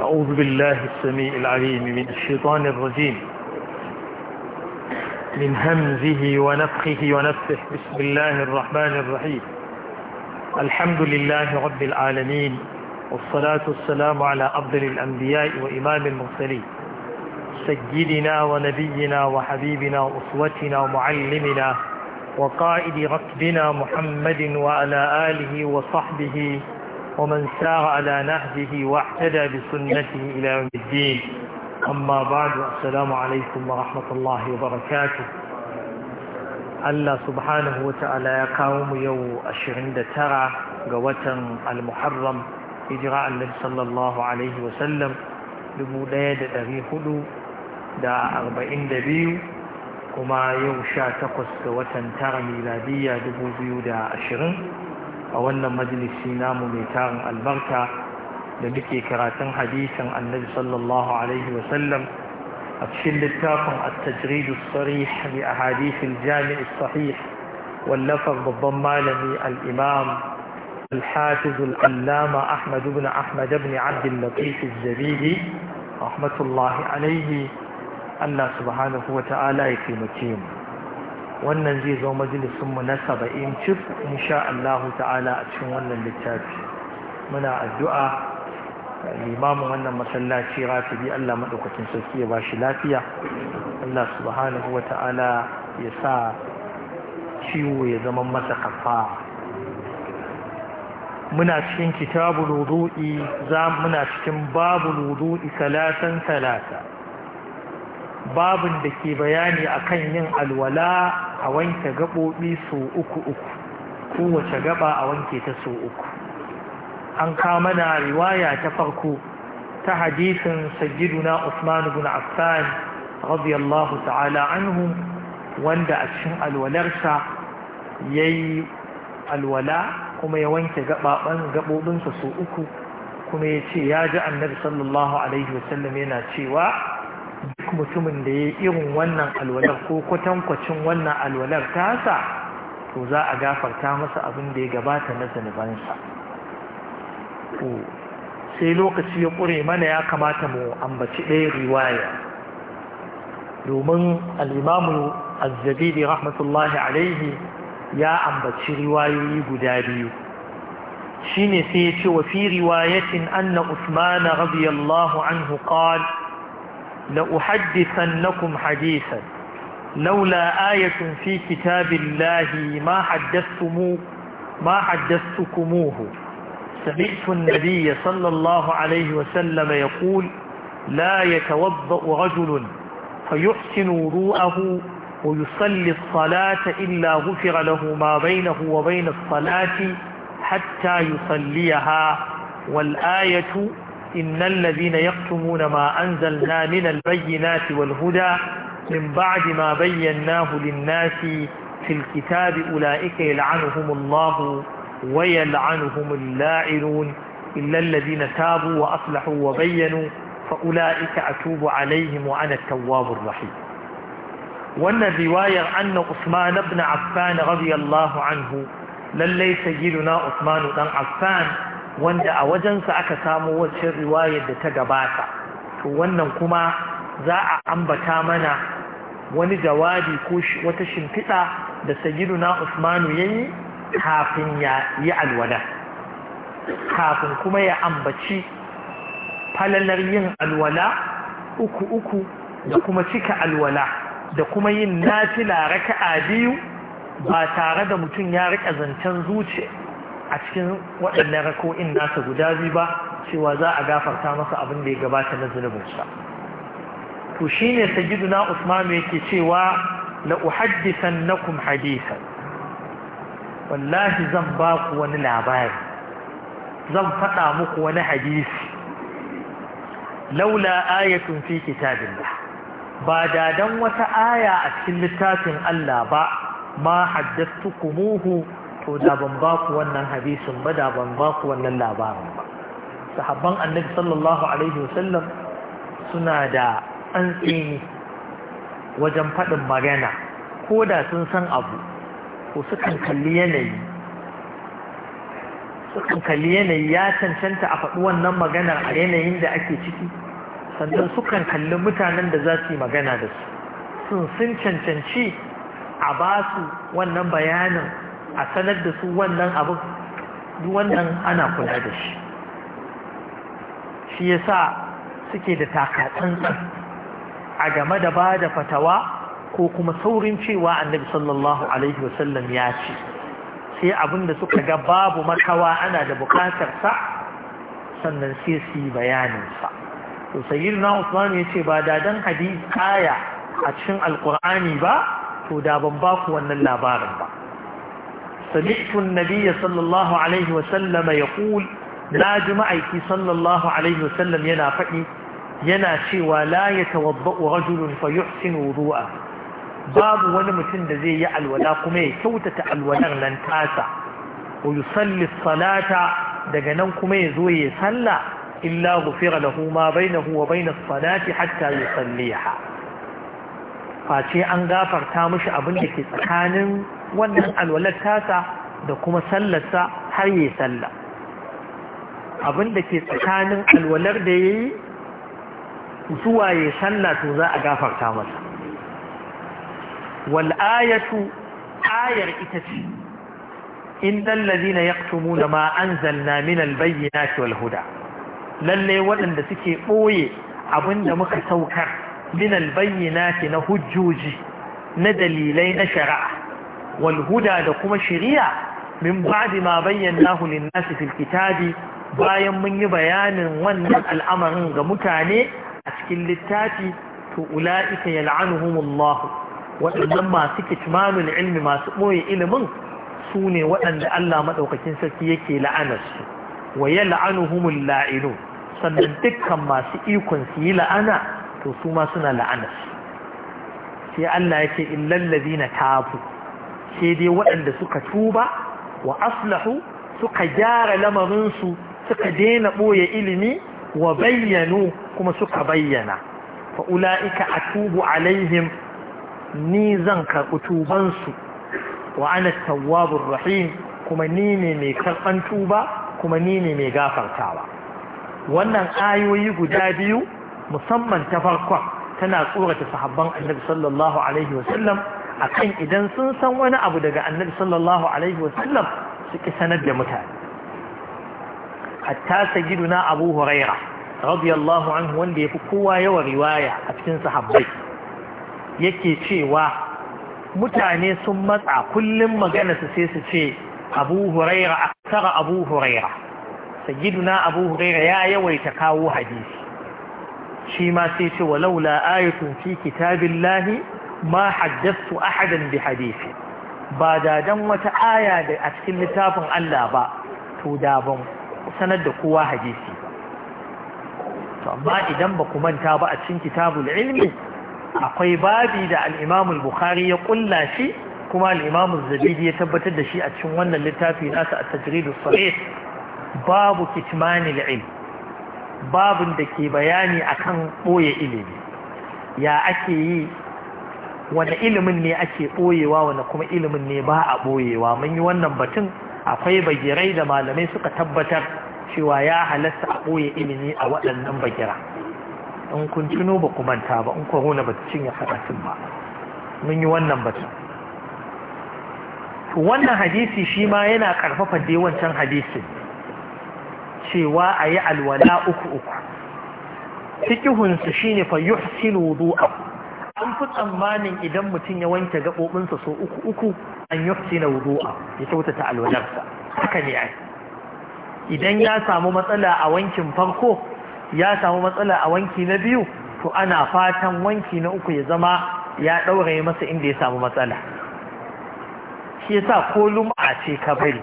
أعوذ بالله السميع العليم من الشيطان الرجيم من همزه ونفخه ونفسه بسم الله الرحمن الرحيم الحمد لله رب العالمين والصلاة والسلام على أفضل الأنبياء وإمام المرسلين سيدنا ونبينا وحبيبنا وأسوتنا ومعلمنا وقائد ركبنا محمد وعلى آله وصحبه ومن ساغ على نهجه واحتدى بسنته إلى يوم الدين أما بعد السلام عليكم ورحمة الله وبركاته Allah subhanahu wa ta’ala ya kawo mu yau ashirin da tara ga watan al-muharram hijira Allah sallallahu Alaihi wasallam hudu da arba'in da kuma yau sha takwas ga watan tara miladiya dubu biyu da ashirin a wannan majalisi namu mai tarin albarka da muke karatun hadisin annabi sallallahu alaihi wasallam a cikin littafin at-tajrid as-sarih li ahadith al-jami' as-sahih wallafar babban malami al-imam الحافظ العلامة أحمد بن أحمد بن عبد اللطيف الزبيدي رحمة الله عليه الله سبحانه وتعالى يكرمكم wannan zai zo majalisunmu na saba'in cif insha Allahu ta'ala a cikin wannan littafi muna addu'a limamin wannan masallaci rafibi Allah maɗaukacin sarki ya ba shi lafiya Allah subhanahu wa ta'ala ya sa ciwo ya zama masa kafa muna cikin kitabu wudu'i za muna cikin babul wudu'i salatan salata babin da ke bayani akan yin alwala a wanke gaɓoɓi so uku uku kowace gaba a wanke ta so uku an kama na riwaya ta farko ta hadisin sayyiduna Usman ibn Affan radiyallahu ta'ala anhu wanda a cikin alwalarsa yayi alwala kuma ya wanke gababan sa so uku kuma ya ce ya ji annabi sallallahu alaihi wasallam yana cewa duk mutumin da ya yi irin wannan alwalar ko kwatankwacin wannan alwalar tasa to za a gafarta masa abin da ya gabata na zanibansa sai lokaci ya ƙure mana ya kamata mu ambaci ɗaya riwaya domin al'imamu azzabidi rahmatullahi alaihi ya ambaci riwayoyi guda biyu shine sai ya ce wa fi riwayatin anna usmana radiyallahu anhu qala لأحدثنكم حديثا لولا آية في كتاب الله ما حدثتموه ما حدثتكموه سمعت النبي صلى الله عليه وسلم يقول لا يتوضأ رجل فيحسن وضوءه ويصلي الصلاة إلا غفر له ما بينه وبين الصلاة حتى يصليها والآية إن الذين يكتمون ما أنزلنا من البينات والهدى من بعد ما بيناه للناس في الكتاب أولئك يلعنهم الله ويلعنهم اللاعنون إلا الذين تابوا وأصلحوا وبينوا فأولئك أتوب عليهم وأنا التواب الرحيم وأن الرواية أن عثمان بن عفان رضي الله عنه ليس جيلنا عثمان بن عفان wanda a wajensa aka samu wacce riwayar da ta gabata to wannan kuma za a ambata mana wani jawabi ko wata shimfiɗa da sayyiduna usmanu ya yi kafin ya yi alwala kafin kuma ya ambaci falalar yin alwala uku uku da kuma cika alwala da kuma yin nafila raka'a biyu ba tare da mutum ya rika zancen zuciya a cikin waɗannan rako'in nasa guda biyu ba cewa za a gafarta masa abin da ya gabata na zunubinsa to shine sayyiduna usman yake cewa na uhaddithannakum hadisan. wallahi zan ba ku wani labari zan faɗa muku wani hadisi laula ayatun fi kitabillah ba dadan wata aya a cikin littafin Allah ba ma haddathtukumuhu to da ban ba ku wannan hadisin ba da ban ba ku wannan labarin ba sahabban annabi sallallahu alaihi wasallam suna da an tsini wajen faɗin magana ko da sun san abu ko sukan kalli yanayi sukan kalli yanayi ya cancanta a faɗi wannan maganar a yanayin da ake ciki sannan sukan kalli mutanen da za su yi magana da su sun cancanci a ba su wannan bayanin a sanar da su wannan abu wannan ana kula da shi shi yasa suke da takatsantsan a game da ba da fatawa ko kuma saurin cewa annabi sallallahu alaihi wasallam ya ce sai abin da suka ga babu makawa ana da sa sannan sai su yi sa, to sayyidina usman ya ce ba da dan hadisi a cikin alkur'ani ba to da ban ba ku wannan labarin ba سمعت النبي صلى الله عليه وسلم يقول لا جمعك صلى الله عليه وسلم yana cewa la ya tawabba'u rajulun fa yuhsinu wudu'a babu wani mutum da zai yi alwala kuma ya kyautata alwalar nan tasa wa yusalli salata daga nan kuma ya zo ya salla illa ghufira lahu ma bainahu wa bainas salati hatta yusalliha face an gafarta mishi abin da ke tsakanin wannan alwalar tasa da kuma sallarsa har yi salla. abin da ke tsakanin alwalar da ya yi zuwa ya sallah to za a gafarta masa wal'ayatu ayar ita ce in dallazi na ya tumu da ma'anzal na minal bayyana ce walhuda lalle waɗanda suke ɓoye abin da muka saukar minal bayyana ce na hujjoji na dalilai na shari'a والهدى دكما شريع من بعد ما bayyana للناس في الكتاب bayan mun yi bayanin wannan al'amarin ga mutane a cikin littafi to ula'ika yal'anuhumullahu waɗannan masu kitmanul ilmi masu ɓoye ilimin su ne waɗanda Allah maɗaukakin sarki yake la'anarsu wa yal'anuhumul la'inu sannan dukkan masu ikon su yi la'ana to su ma suna la'anarsu sai Allah yake illal ladina tabu sai dai waɗanda suka tuba wa aslahu suka gyara lamarinsu suka daina ɓoye ilimi wa bayyanu kuma suka bayyana fa'ula'ika a tubu alaihim ni zan karɓi tubansu wa ana tawabin rahim kuma ni ne mai karɓan tuba kuma ni ne mai gafartawa wannan ayoyi guda biyu musamman ta farkon tana tsorata sahabban annabi sallallahu alaihi wasallam akan idan sun san wani abu daga annabi sallallahu alaihi wasallam suke sanar da mutane hatta sagiduna abu huraira radiyallahu anhu wanda yafi kowa yawa riwaya a cikin sahabbai yake cewa mutane sun matsa kullum magana su sai su ce abu huraira aksara abu huraira sagiduna abu huraira ya yawaita kawo hadisi shi ma sai ce walaula ayatun fi kitabillahi ma haddastu ahadan bi hadisi ba da dan wata aya da a cikin littafin Allah ba to da ban sanar da kowa hadisi to amma idan ba ku manta ba a cikin kitabul ilmi akwai babi da al-Imam al-Bukhari ya kulla shi kuma al-Imam az-Zabidi ya tabbatar da shi a cikin wannan littafi nasa at-Tajrid as-Sahih babu kitmanil ilm babun da ke bayani akan boye ilimi ya ake yi wani ilimin ne ake ɓoyewa wani kuma ilimin ne ba a ɓoyewa mun yi wannan batun akwai bagirai da malamai suka tabbatar cewa ya halasta a ɓoye ilimi a waɗannan bagira in kun tuno ba ku manta ba in korona ba ta cinye tun ba mun yi wannan batun wannan hadisi shi ma yana karfafa dai wancan hadisin cewa a yi alwala uku uku fikihunsu shine fa yuhsinu wudu'ahu an fi tsammanin idan mutum ya wanke gaɓoɓinsa so uku uku an yi na wudu'a ya kyautata alwalarsa haka ne ai idan ya samu matsala a wankin farko ya samu matsala a wanki na biyu to ana fatan wanki na uku ya zama ya ɗaure masa inda ya samu matsala shi yasa ko lum'a ce ka bari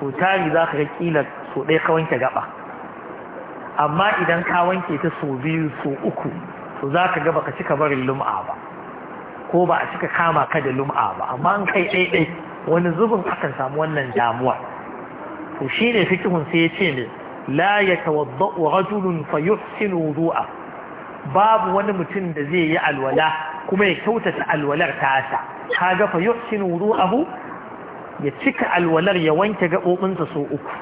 so tari za ka ga kila so ɗaya ka wanke gaba amma idan ka wanke ta so biyu so uku to za ka gaba ka cika barin lum'a ba ko ba a cika kama ka da lum'a ba amma an kai ɗaiɗai wani zubin akan samu wannan damuwa to shi ne fikihun sai ya ce ne la ya tawadda'u rajulun fa yuhsinu wudu'a babu wani mutum da zai yi alwala kuma ya kyautata alwalar tasa kaga fa yuhsinu wudu'ahu ya cika alwalar ya wanke gaɓoɓinsa sau uku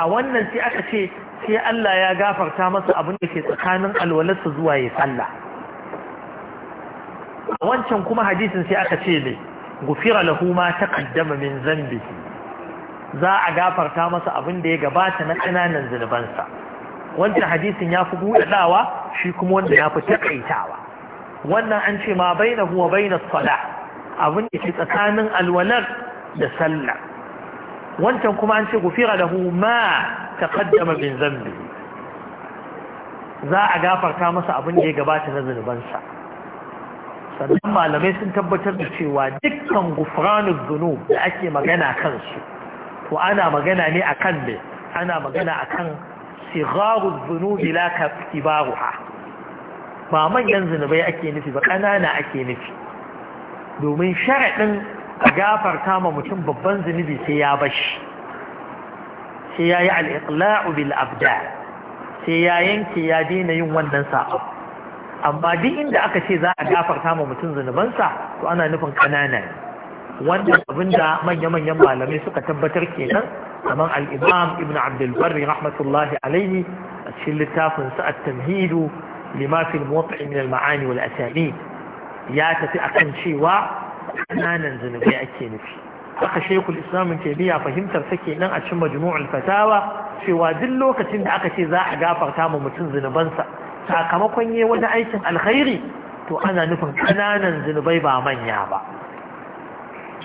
a wannan sai aka ce sai Allah ya gafarta masa abin da ke tsakanin alwalarsa zuwa ya sallah a wancan kuma hadisin sai aka ce ne gufira lahu ma kaddama min zambi za a gafarta masa abin da ya gabata na ƙananan zunubansa wancan hadisin ya fi buɗaɗawa shi kuma wanda ya fi taƙaitawa wannan an ce ma "Bai na huwa, bai na tsada abin da ke tsakanin alwalar da sallar. wancan kuma an ce gufira lahu ma ta min zambi za a gafarta masa abin da ya gabata na zunubansa sannan malamai sun tabbatar da cewa dukkan gufranu zunub da ake magana kansu to ana magana ne akan ne ana magana akan sigaru zunubi la ka ba manyan zunubai ake nufi ba ƙanana ake nufi domin sharaɗin a gafarta ma mutum babban zunubi sai ya bashi sai ya yi al'iƙla'u bil abda sai ya yanke ya daina yin wannan sa'a amma duk inda aka ce za a gafarta ma mutum zunubansa to ana nufin ƙanana ne wannan abin da manya-manyan malamai suka tabbatar kenan kamar al'imam ibn abdulbari rahmatullahi alaihi a cikin littafin sa'ad tamhidu limafin motsa muwatta min ma'ani wal asani ya tafi akan cewa ƙananan zunubai ake nufi haka shekul islamin taimiyya fahimtar sa kenan a cin majmu'ul fatawa cewa duk lokacin da aka ce za a gafarta ma mutum zunubansa sakamakon yi wani aikin alkhairi to ana nufin ƙananan zunubai ba manya ba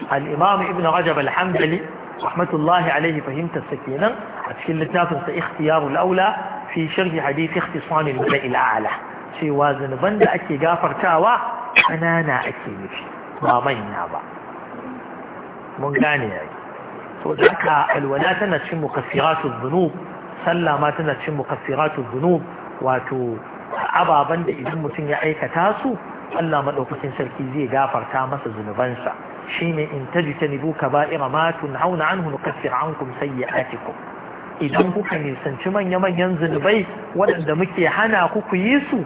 al'imamu ibn rajab alhamdali rahmatullahi alaihi fahimtar sa kenan a cikin littafin sa ikhtiyarul aula fi sharhi hadith ikhtisamil mala'il a'la cewa zunuban da ake gafartawa ƙanana ake nufi ba manya ba mun gane yayi to da haka alwala tana cin mukaffiratu dhunub sallah ma tana cin mukaffiratu dhunub wato ababan da idan mutum ya aikata su Allah madaukakin sarki zai gafarta masa zunubansa shine in tajtanibu kaba'ira ma tunhauna anhu nukaffir ankum sayyi'atikum idan kuka nisanci manya-manyan zunubai waɗanda muke hana ku ku yi su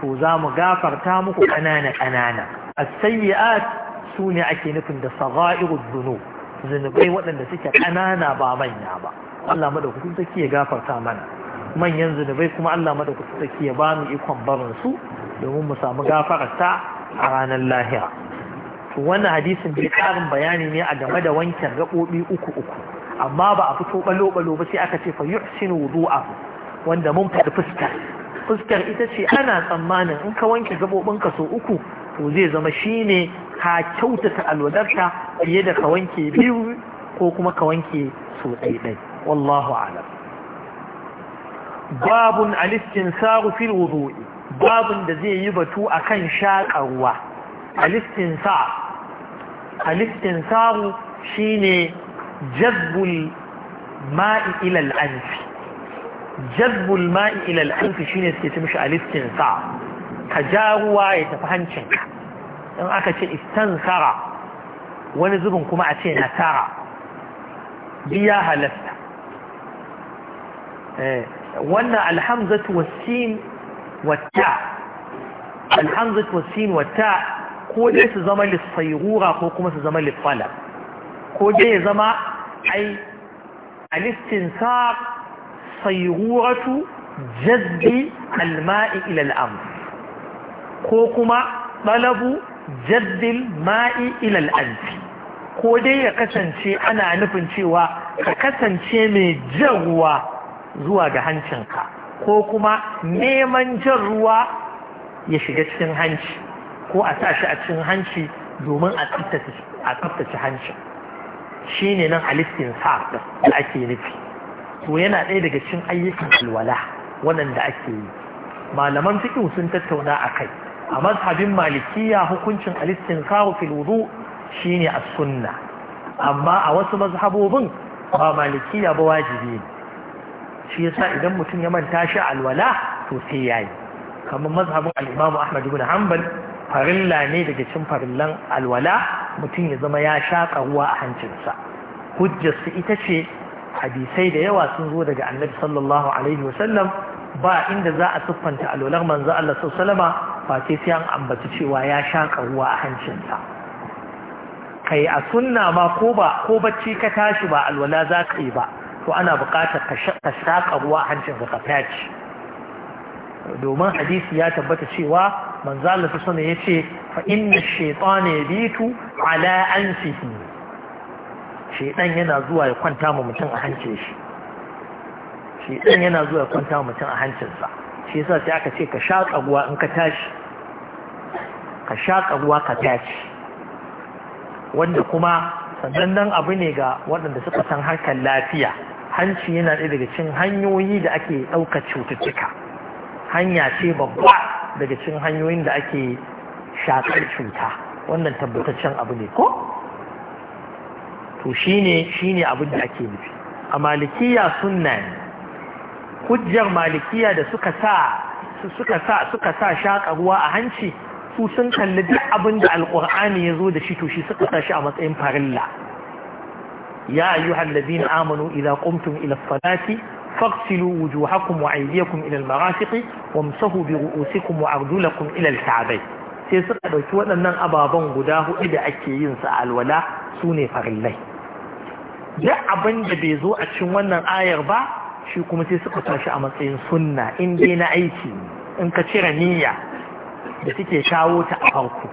to za mu gafarta muku ƙanana-ƙanana as-sayyi'at su ne ake nufin da sagha'irud dhunub zunubai waɗanda suke ƙanana ba manya ba Allah madaukakin sarki ya gafarta mana manyan zunubai kuma Allah madaukakin sarki ya bamu ikon barin su domin mu samu gafararta a ranar lahira to wannan hadisin bai ƙarin bayani ne a game da wankin gaɓoɓi uku uku amma ba a fito balo balo ba sai aka ce fa yuhsinu wudu'a wanda mun faɗi fuskar fuskar ita ce ana tsammanin in ka wanke gaɓoɓinka so uku to zai zama shi ne ka kyautata alwadarta fiye da ka wanke biyu ko kuma ka wanke so ɗaiɗai wallahu alam babun alistin saru fil wudu'i babun da zai yi batu akan shaƙa ruwa alistin sa alistin saru jazbul ma'i ilal anfi jazbul ma'i ilal anfi shine suke ce alistin sa ka ja ruwa ya tafi hancinka in aka ce istansara wani zubin kuma a ce nasara biya halasta eh, wannan alhamzatu wasin wata alhamzatu wasin wata ko dai su zama lissairura ko kuma su zama lissala ko dai ya a ai alistinsar sairuratu jazbi alma'i ila al'amur ko kuma ɗalabu jaddil ma'i ilal ko dai ya kasance ana nufin cewa ka kasance mai jan ruwa zuwa ga hancinka ko kuma neman jan ruwa ya shiga cikin hanci ko a sa shi a cikin hanci domin a tsaftace hancin shi ne nan alistin sa da ake nufi to yana ɗaya daga cikin ayyukan alwala waɗanda ake yi malaman fiƙin sun tattauna a kai a mazhabin malikiya hukuncin kawo filuru wudu shine a sunna amma a wasu mazhabobin ba malikiya ba wajibi ne shi yasa idan mutum ya manta shi alwala to sai yayi kamar mazhabin al'imamu Ahmad ibn Hanbal farilla ne daga cin farillan alwala mutum ya zama ya shaƙa ruwa a hancinsa hujjarsu ita ce hadisai da yawa sun zo daga annabi sallallahu alaihi wasallam ba inda za a siffanta alwalar manzo Allah sallama ba sai sai an ambaci cewa ya shaƙa ruwa a hancinsa kai a sunna ma ko ba ko bacci ka tashi ba alwala za ka yi ba to ana buƙatar ka shaƙa ruwa a hancinka ka faci domin hadisi ya tabbata cewa manzo Allah sallama yace fa inna shaytana yabitu ala anfihi shaytan yana zuwa ya kwanta ma mutum a hancin shi ɗan yana zuwa kwanta wa mutum a hancinsa shi yasa sai aka ce ka shaƙa ruwa in ka tashi ka shaƙa ruwa ka tashi wanda kuma sannan abu ne ga waɗanda suka san harkar lafiya hanci yana ɗaya daga cikin hanyoyi da ake ɗaukar cututtuka hanya ce babba daga cin hanyoyin da ake shaƙar cuta wannan tabbataccen abu ne ko to shine shine abin da ake nufi a malikiya sunna ne hujjar malikiya da suka sa suka sa suka sa shaka ruwa a hanci su sun kalli duk abin da alkur'ani ya zo da shi to shi suka sa shi a matsayin farilla ya ayyuhal amanu idan qumtum ila salati faghsilu wujuhakum wa aydiyakum ila almarafiq wamsahu bi ru'usikum wa arjulakum ila sai suka ɗauki waɗannan ababen guda hudu da ake yin sa alwala sune farillai duk abin da bai zo a cikin wannan ayar ba shi kuma sai suka tashi a matsayin sunna in dai na aiki in ka cire niyya da suke shawo ta a farko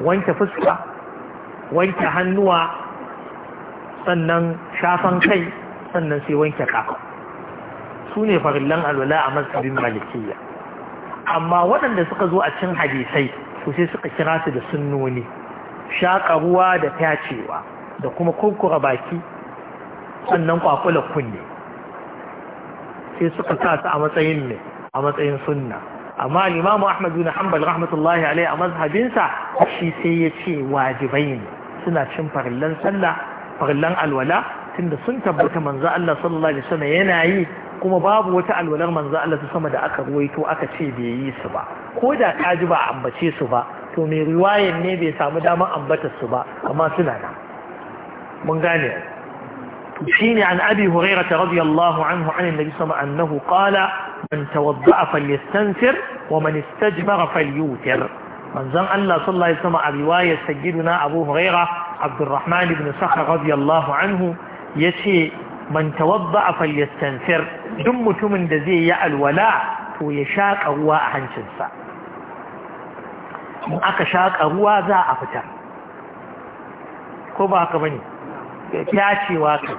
wanke fuska wanke hannuwa sannan shafan kai sannan sai wanke kafa su ne farillan alwala a mazhabin malikiya amma waɗanda suka zo a cin hadisai su sai suka kira su da sunnoni shaƙa ruwa da fyacewa da kuma kurkura baki sannan kwakulan kunne sai suka sa su a matsayin ne a matsayin sunna amma limamu ahmad bin hanbal rahmatullahi alaihi a mazhabinsa shi sai ya ce wajibai ne suna cin farillan sallah farillan alwala tunda sun tabbata manzo Allah sallallahu alaihi wasallam yana yi kuma babu wata alwalar manzo Allah sama da aka ruwaito aka ce bai yi su ba ko da ka ji ba ambace su ba to mai riwayan ne bai samu damar ambatar su ba amma suna nan mun gane شين عن أبي هريرة رضي الله عنه عن النبي صلى الله عليه وسلم أنه قال من توضأ فليستنفر ومن استجمر فليوتر من زن الله صلى الله عليه وسلم رواية سيدنا أبو هريرة عبد الرحمن بن صخر رضي الله عنه يشي من توضأ فليستنفر دم تمن دزي يأل ولا ويشاك أروا أهنشنسا من أكشاك أروا ذا أفتر كوبا كبني كاشي واكب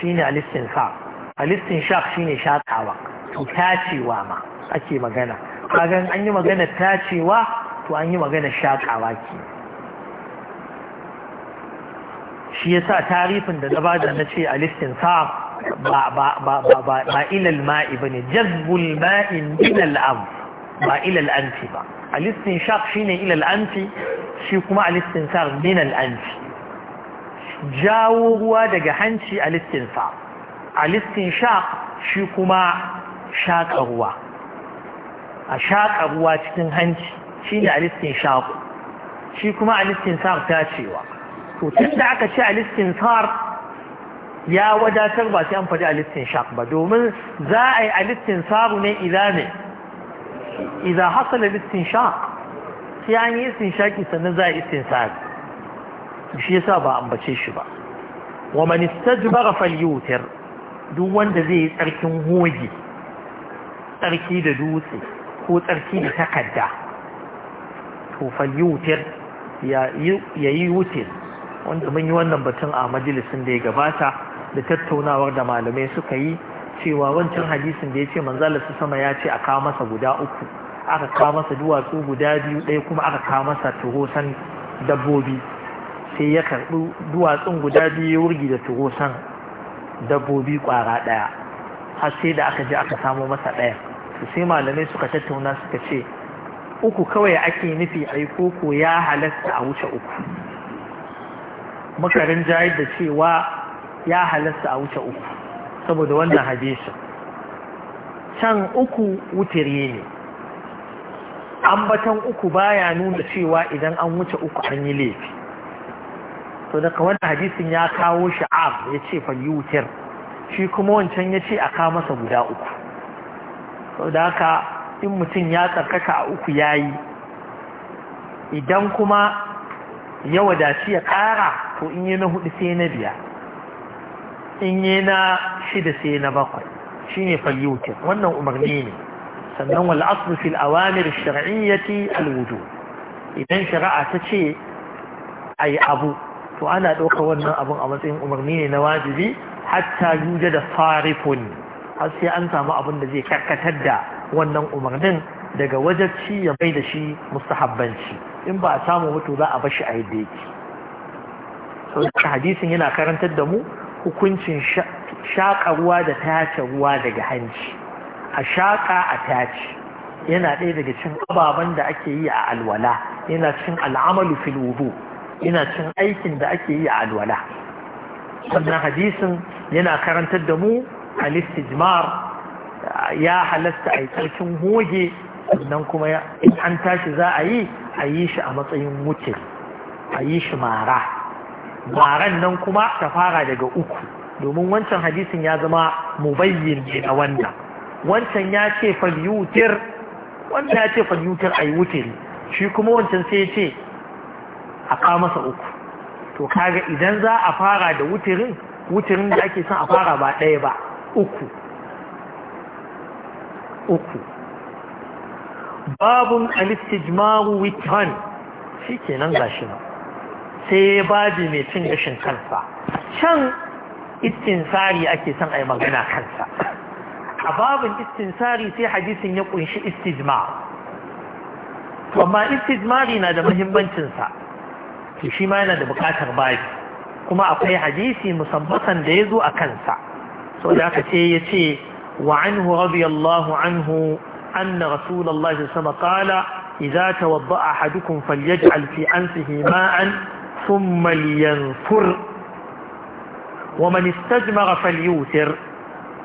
shine alistin sa alistin shaq shine shatawa to tacewa ma ake magana kagan an yi magana tacewa to an yi magana shakawa ke shi yasa tarifin da na bada na ce alistin sa ba ba ba ba ba ba ilal ma'i bane jazbul ma'in ilal am ba ilal anti ba alistin shaq shine ilal anti shi kuma alistin sar min al anti jawo ruwa daga hanci a listinsa a listin shaƙ shi kuma shaƙa ruwa a shaƙa ruwa cikin hanci shi ne a listin shaƙu shi kuma a listin sar ta cewa to tun da aka ce a listin sar ya wadatar ba sai an faɗi a listin shaƙ ba domin za a yi a listin saru ne idan ne idan hasala listin shaƙ sai an yi listin shaƙi sannan za a yi listin sari shi yasa ba ambace shi ba wa man istajbara falyutir duk wanda zai yi tsarkin hoji tsarki da dutse ko tsarki da takarda to falyutir ya yi wutir wanda mun yi wannan batun a majalisin da ya gabata da tattaunawar da malamai suka yi cewa wancan hadisin da ya ce manzalar su sama ya ce a kawo masa guda uku aka kawo masa duwatsu guda biyu ɗaya kuma aka kawo masa tuhosan dabbobi sai ya karɓi duwatsun guda biyu ya wurgi da san dabbobi ƙwara ɗaya har sai da aka je aka samo masa ɗaya sai malamai suka tattauna suka ce uku kawai ake nufi yi koko ya halasta a wuce uku makarin jayar da cewa ya halasta a wuce uku saboda wannan hadisin can uku wutiri ne ambatan uku baya nuna cewa idan an wuce uku an yi laifi to daga wannan hadisin ya kawo sha'ab ya ce falyutir shi kuma wancan ya ce a ka masa guda uku sau da haka in mutum ya tsarkaka a uku ya yi idan kuma ya wadaci ya ƙara to in yi na hudu sai na biya in yi na shida sai na bakwai shi ne falyutir wannan umarni ne sannan wal aslu fil awamir shar'iyyati al idan shari'a ta ce ai abu to ana ɗauka wannan abin a matsayin umarni ne na wajibi hatta yuje da farifun har sai an samu abin da zai karkatar da wannan umarnin daga wajacci ya bai da shi mustahabbanci in ba a samu mutu za a bar shi a yadda yake sau da hadisin yana karantar da mu hukuncin shaƙa ruwa da tace ruwa daga hanci a shaƙa a tace yana ɗaya daga cin ababen da ake yi a alwala yana cin al'amalu fil wudu Ina cin aikin da ake yi a alwala sannan hadisin yana karantar da mu al ya halasta a hoge sannan kuma in an tashi za a yi a yi shi a matsayin wuce a yi shi mara maran nan kuma ta fara daga uku domin wancan hadisin ya zama mubayyin ne na wannan wancan ya ce falyutir wannan ya ce falyutir a yi wutir shi kuma wancan sai ya ce a ka masa uku to kaga idan za a fara da wutirin wutirin da ake son a fara ba ɗaya ba uku uku babun alistijmaru witron shi ke nan gashi nan sai baji mai cin gashin kansa can istinsari ake son a yi magana kansa a babin istinsari sai hadisin ya kunshi istijmar amma istijmari na da muhimmancinsa to shi ma yana da bukatar bayi kuma akwai hadisi musabbatan da ya zo a kansa so da aka ce ya ce wa anhu radiyallahu anhu anna rasulullahi sallallahu alaihi qala idza tawadda ahadukum falyaj'al fi anfihi ma'an thumma liyanfur wa man istajmara falyutir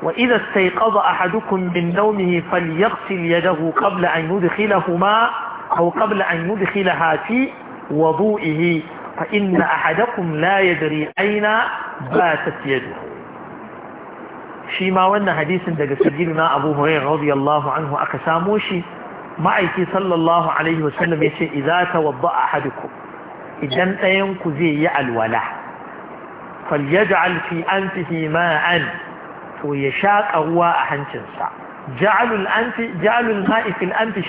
وإذا استيقظ أحدكم من نومه فليغسل يده قبل أن يدخلهما أو قبل أن يدخلها فيه وضوئه فإن أحدكم لا يدري أين باتت يده شيما وانا حديث دقى سجلنا أبو هريرة رضي الله عنه أكساموشي ma'aiki sallallahu alaihi wasallam ya ce idza tawadda ahadukum idan ɗayan ku zai yi alwala falyaj'al fi anfihi ma'an to ya shaƙa ruwa a hancinsa ja'alul anfi ja'alul ma'i fil anfi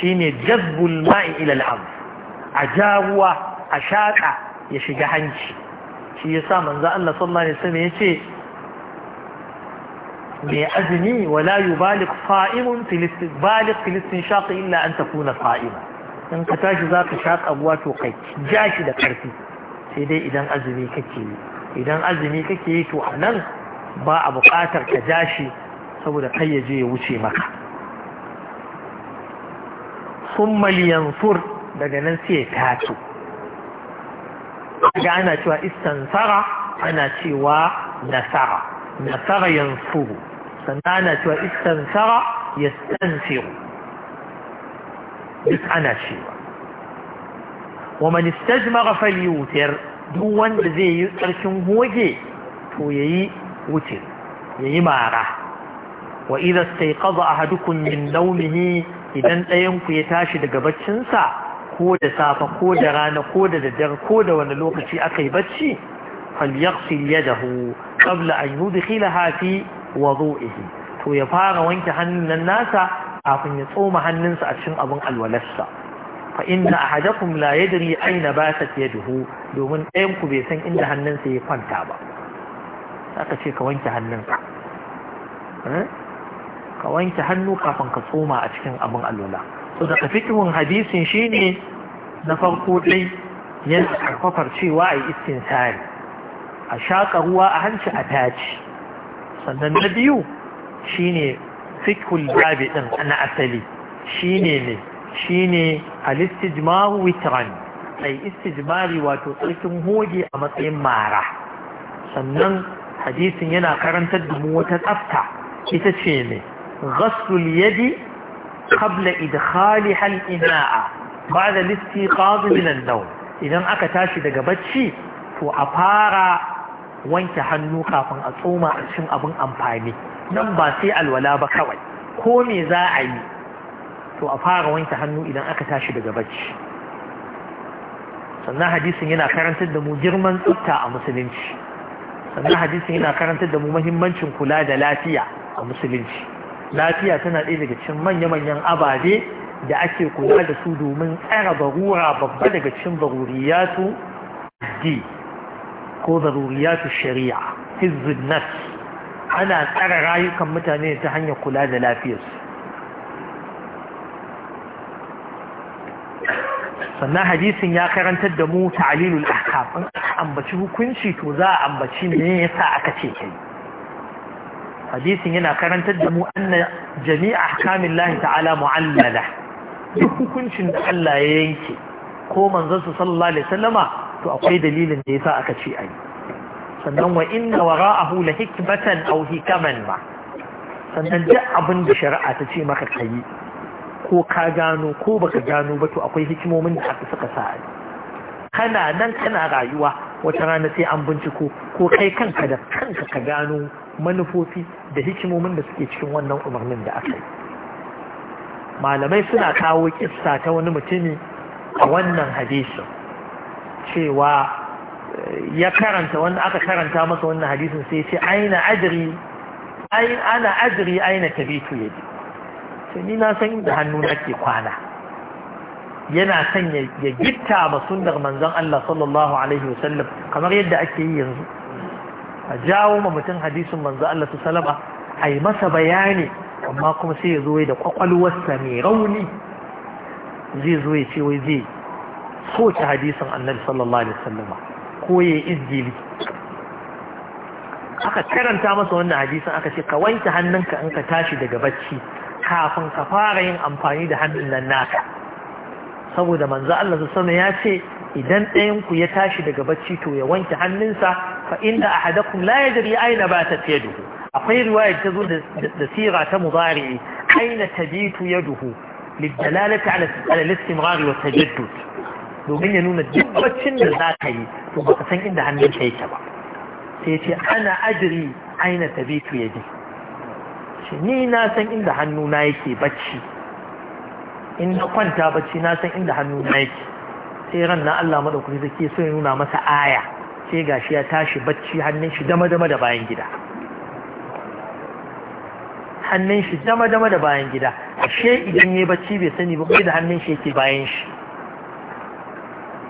shine jazbul ma'i ilal al'am a jawuwa a shaƙa ya shiga hanci shi yasa manzo Allah sallallahu alaihi wasallam yace mai azumi wala yubalik sa'imun filistin balik filistin shaƙi illa an tafuna fa'ima, in ka tashi za ka shaƙa ruwa to kai ja shi da ƙarfi sai dai idan azumi kake yi idan azumi kake yi to a nan ba a buƙatar ka ja shi saboda kai ya je ya wuce maka ثم لينصر دجنان سيتاتو حاجة أنا شوى استنصر أنا شوى نصر نصر ينصر سنانا شوى استنصر يستنصر بس أنا شوى ومن استجمر فليوتر دوان بزي يوتر شنهو جي تو يي وتر يي مارا وإذا استيقظ أحدكم من نومه idan ɗayanku ya tashi daga baccinsa ko da safa ko da rana ko da daddare ko da wani lokaci aka yi bacci ya dahu ƙabla an yudkhilaha fi wudu'ihi to ya fara wanke hannun nasa kafin ya tsoma hannunsa a cikin abin alwalarsa fa inna ahadakum la yadri aina batat yaduhu domin ɗayan ku bai san inda hannunsa ya kwanta ba aka ce ka wanke hannunka eh? ka wanke hannu kafin ka tsoma a cikin abin alwala so daga fikihun hadisin shine na farko dai yana karfafar cewa a yi a shaƙa ruwa a hanci a taci sannan na biyu shine fikul babi ɗin na asali Shi ne shine alistijmaru witran ai istijmari wato tsarkin hoge a matsayin mara sannan hadisin yana karantar da mu wata tsafta ita ce ne ghassul yadi qabla idkhaliha al-ina'a ba'da al-istiqaz min an-nawm idan aka tashi daga bacci to a fara wanke hannu kafin a tsoma a cikin abin amfani nan ba sai alwala ba kawai ko me za a yi to a fara wanke hannu idan aka tashi daga bacci sannan hadisin yana karantar da mu girman tsafta a musulunci sannan hadisin yana karantar da mu mahimmancin kula da lafiya a musulunci lafiya tana ɗaya daga cikin manya-manyan ababe da ake kula da su domin tsara barura babba daga cikin baruriyatu di ko baruriyatu shari'a hizzun nas ana tsara rayukan mutane ta hanyar kula da lafiyarsu sannan hadisin ya karantar da mu ta'alilul ahkam an ambaci hukunci to za a ambaci ya yasa aka ce kai hadisin yana karantar da mu anna jami'a ahkamin lahi ta'ala mu'allala duk hukuncin da Allah ya yanke ko manzon su sallallahu alaihi wasallama to akwai dalilin da yasa aka ce ai sannan wa inna wara'ahu la hikmatan aw hikaman ma sannan duk abin da shari'a ta ce maka kai ko ka gano ko baka gano ba to akwai hikimomin da aka saka sa ai kana nan kana rayuwa wata rana sai an binciko ko kai kanka da kanka ka gano manufofi da hikimomin da suke cikin wannan umarnin da aka yi malamai suna kawo kissa ta wani mutumi a wannan hadisin cewa eh, ya karanta wanda aka karanta masa wannan hadisin sai ce aina ajiri ana ajiri aina tabitu ya ji sai ni na san inda hannu na ke kwana yana son ya gitta ma sunnar manzon Allah sallallahu alaihi wasallam kamar yadda ake yi yanzu a jawo ma mutum hadisin manzo Allah su salama a yi masa bayani amma kuma sai ya zo da kwakwalwarsa mai rauni zai zo ya ce wai zai soke hadisin annabi sallallahu alaihi sallama, ko ya izgili aka karanta masa wannan hadisin aka ce ka wanke hannunka in ka tashi daga bacci kafin ka fara yin amfani da hannun nan naka saboda manzo Allah su sama ya ce idan ɗayan ku ya tashi daga bacci to ya wanke hannunsa fa inda ahadakum la yadri aina batat yaduhu akwai riwaya ta zo da ta mudari aina tabitu yaduhu lidalalati ala ala al-istimrar ya nuna duk da za san inda hannun ka yake ba sai ce ana ajiri aina tabitu yadi shi ni na san inda hannuna yake bacci in na kwanta bacci na san sai ran na so ya nuna masa aya sai gashi ya tashi bacci hannun shi dama-dama da bayan gida hannun shi dama-dama da bayan gida ashe idan ya bacci bai sani ba kai da hannun shi yake bayan shi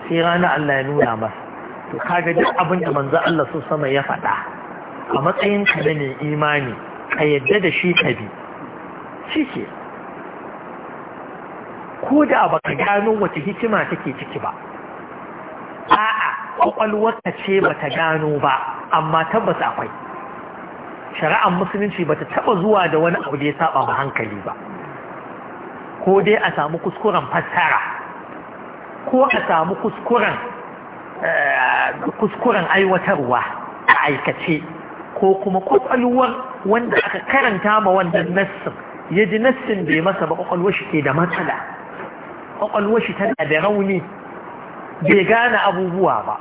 sai rana Allah ya nuna masa to kaga duk abin da manzo Allah so sama ya faɗa a matsayin ka da ne imani ka yadda da shi ka bi shi ke ko da baka gano wata hikima take ciki ba kwakwalwarka ce bata gano ba amma tabbas akwai shari'ar musulunci bata ta taɓa zuwa da wani abu da ya saba ba hankali ba ko dai a samu kuskuren fassara ko a samu kuskuren eh, kuskuren aiwatarwa a aikace ko kuma kwakwalwar wanda aka karanta ma wanda nassin ya ji nassin bai masa ba kwakwalwar shi ke da matsala kwakwalwar shi tana da rauni bai gane abubuwa ba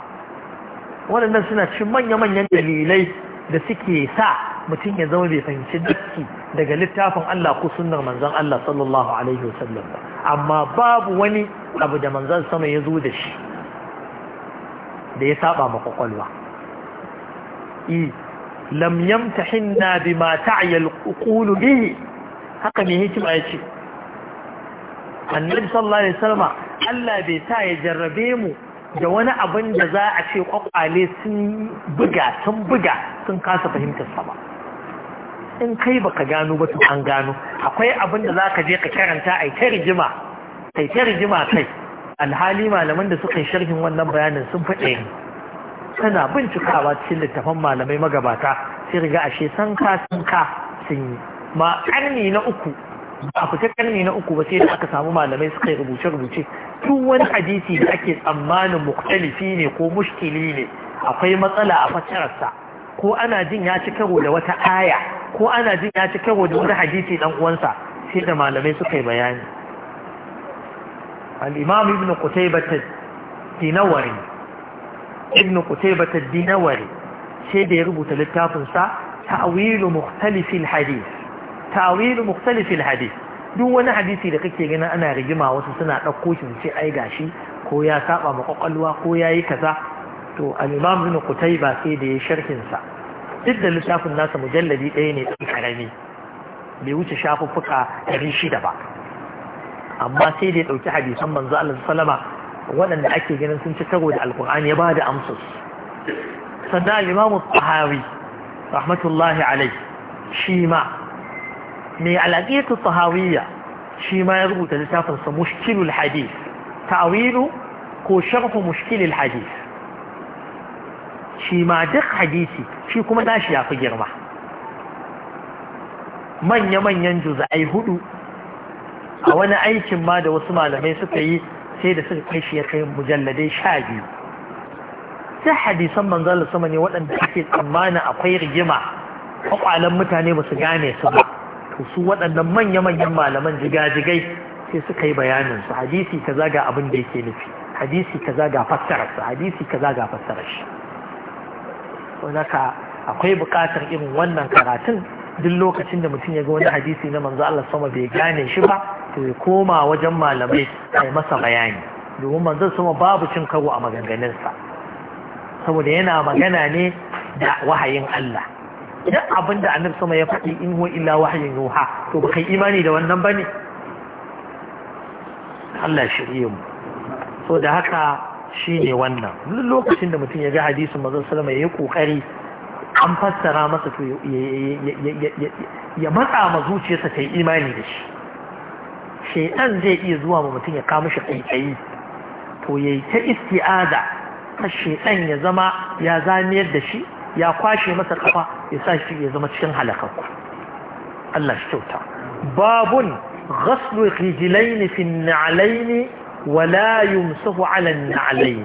waɗannan suna cikin manya-manyan dalilai da suke sa mutum ya zama bai fahimci dukki daga littafin Allah ko sunnar manzon Allah sallallahu alaihi wasallam ba amma babu wani abu da manzon sama ya zo da shi da ya saba ma kwakwalwa i lam yamtahinna bima ta'ya al bihi haka me hikima yace annabi sallallahu alaihi wasallam Allah bai sa ya jarrabe mu da wani abin da za a ce kwakwale sun buga sun buga sun kasa fahimtar sa ba in kai baka gano ba to an gano akwai abin da za ka je ka karanta ai ta rigima kai ta rigima kai alhali malaman da suka yi sharhin wannan bayanin sun faɗe ni kana bincikawa cikin littafan malamai magabata sai riga ashe san ka san ka sun yi ma karni na uku ba a fita karni na uku ba sai da aka samu malamai suka yi rubuce-rubuce duk wani hadisi da ake tsammanin muktalifi ne ko mushkili ne akwai matsala a fassararsa ko ana jin ya ci karo da wata aya ko ana jin ya ci karo da wani hadisi dan uwansa sai da malamai suka yi bayani al-imam ibn qutaybah dinawari ibn qutaybah dinawari sai da ya rubuta littafinsa ta'wilu mukhtalifil hadith tawilu mukhtalifil hadith duk wani hadisi da kake ganin ana rigima wasu suna ɗauko shi su ce ai gashi ko ya saba ma kwakwalwa ko ya yi kaza to al-imam ibn qutayba sai da ya sharhin sa duk da littafin nasa mujalladi ɗaya ne ɗan karami bai wuce shafuffuka ɗari shida ba amma sai da ya ɗauki hadisan manzo Allah sallama waɗanda ake ganin sun ci karo da alkur'ani ya ba da amsus sannan al-imam tahawi rahmatullahi alai shi ma mai alaƙetu tahawiyya shi ma ya rubuta littafinsa mushkilul hadis, ta'awilu ko sharhu mushkilul hadis. shi ma duk hadisi shi kuma nashi ya fi girma manya-manyan juza'ai hudu a wani aikin ma da wasu malamai suka yi sai da suka kai shi ya kai mujalladai sha biyu sai hadisan manzala sama ne waɗanda ake tsammanin akwai rigima kwakwalen mutane ba su gane su ba to su waɗannan manya-manyan malaman jigajigai sai suka yi bayanin su hadisi kaza ga abin da yake nufi hadisi kaza ga fassarar su hadisi kaza ga fassarar shi akwai buƙatar irin wannan karatun duk lokacin da mutum ya ga wani hadisi na manzo Allah sama bai gane shi ba to ya koma wajen malamai ai masa bayani domin manzo sama babu cin karo a maganganunsa saboda yana magana ne da wahayin Allah Ya abin da annabi sama ya faɗi in huwa illa wahyin yuha to kai imani da wannan bane Allah shirye mu so da haka shine wannan duk lokacin da mutum ya ga hadisin manzon sallama yayi kokari an fassara masa to ya matsa ma zuciyarsa ta yi imani da shi shaitan zai iya zuwa ma mutum ya kawo mishi kaikayi to yayi ta isti'aza ta shaitan ya zama ya zamiyar da shi ya kwashe masa kafa ya sa shi ya zama cikin halakakku Allah shi kyauta babun ghaslu rijlain fi na'lain wa la yumsahu 'ala na'lain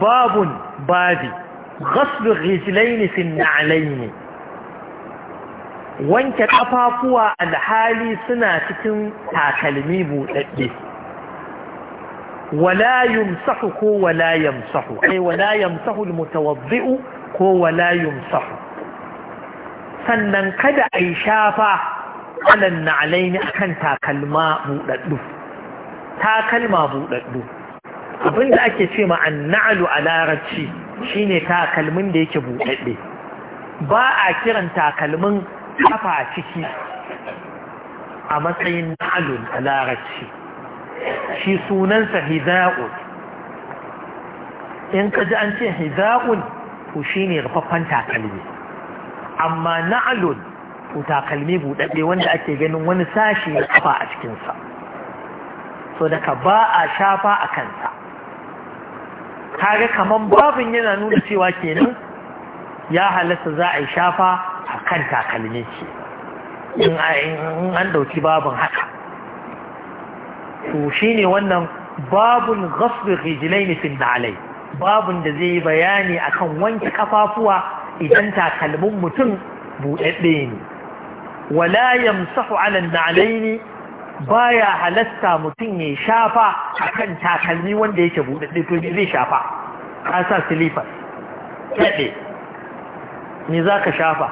babun babi ghaslu rijlain fi na'lain wanke kafafuwa alhali suna cikin takalmi budadde. ولا يمسحك ولا يمسح أي ولا يمسح المتوضئ ko ولا يمسح sannan kada a yi shafa alan na a kan takalma buɗaɗɗu takalma buɗaɗɗu abinda ake ce ma an na'alu a larabci shine takalmin da yake buɗaɗɗe ba a kiran takalmin kafa ciki a matsayin na'alu a larabci shi sunansa hiza'un in ka ji an ce hiza'un to shi ne rufaffen takalmi amma na'alun to takalmi buɗaɓe wanda ake ganin wani sashi na kafa a cikinsa so ka ba a shafa a kansa kaga kamar babin yana nuna cewa kenan ya halasta za a yi shafa a kan takalmi ce in an ɗauki babin haka to shine wannan babun ghasl rijlaini fi alai babun da zai bayani akan wanke kafafuwa idan takalmin mutum buɗaɗɗe ne wala yamsahu ala na'alaini baya halasta mutum ya shafa akan takalmi wanda yake buɗaɗɗe to zai shafa ka sa silifas kaɗe me za ka shafa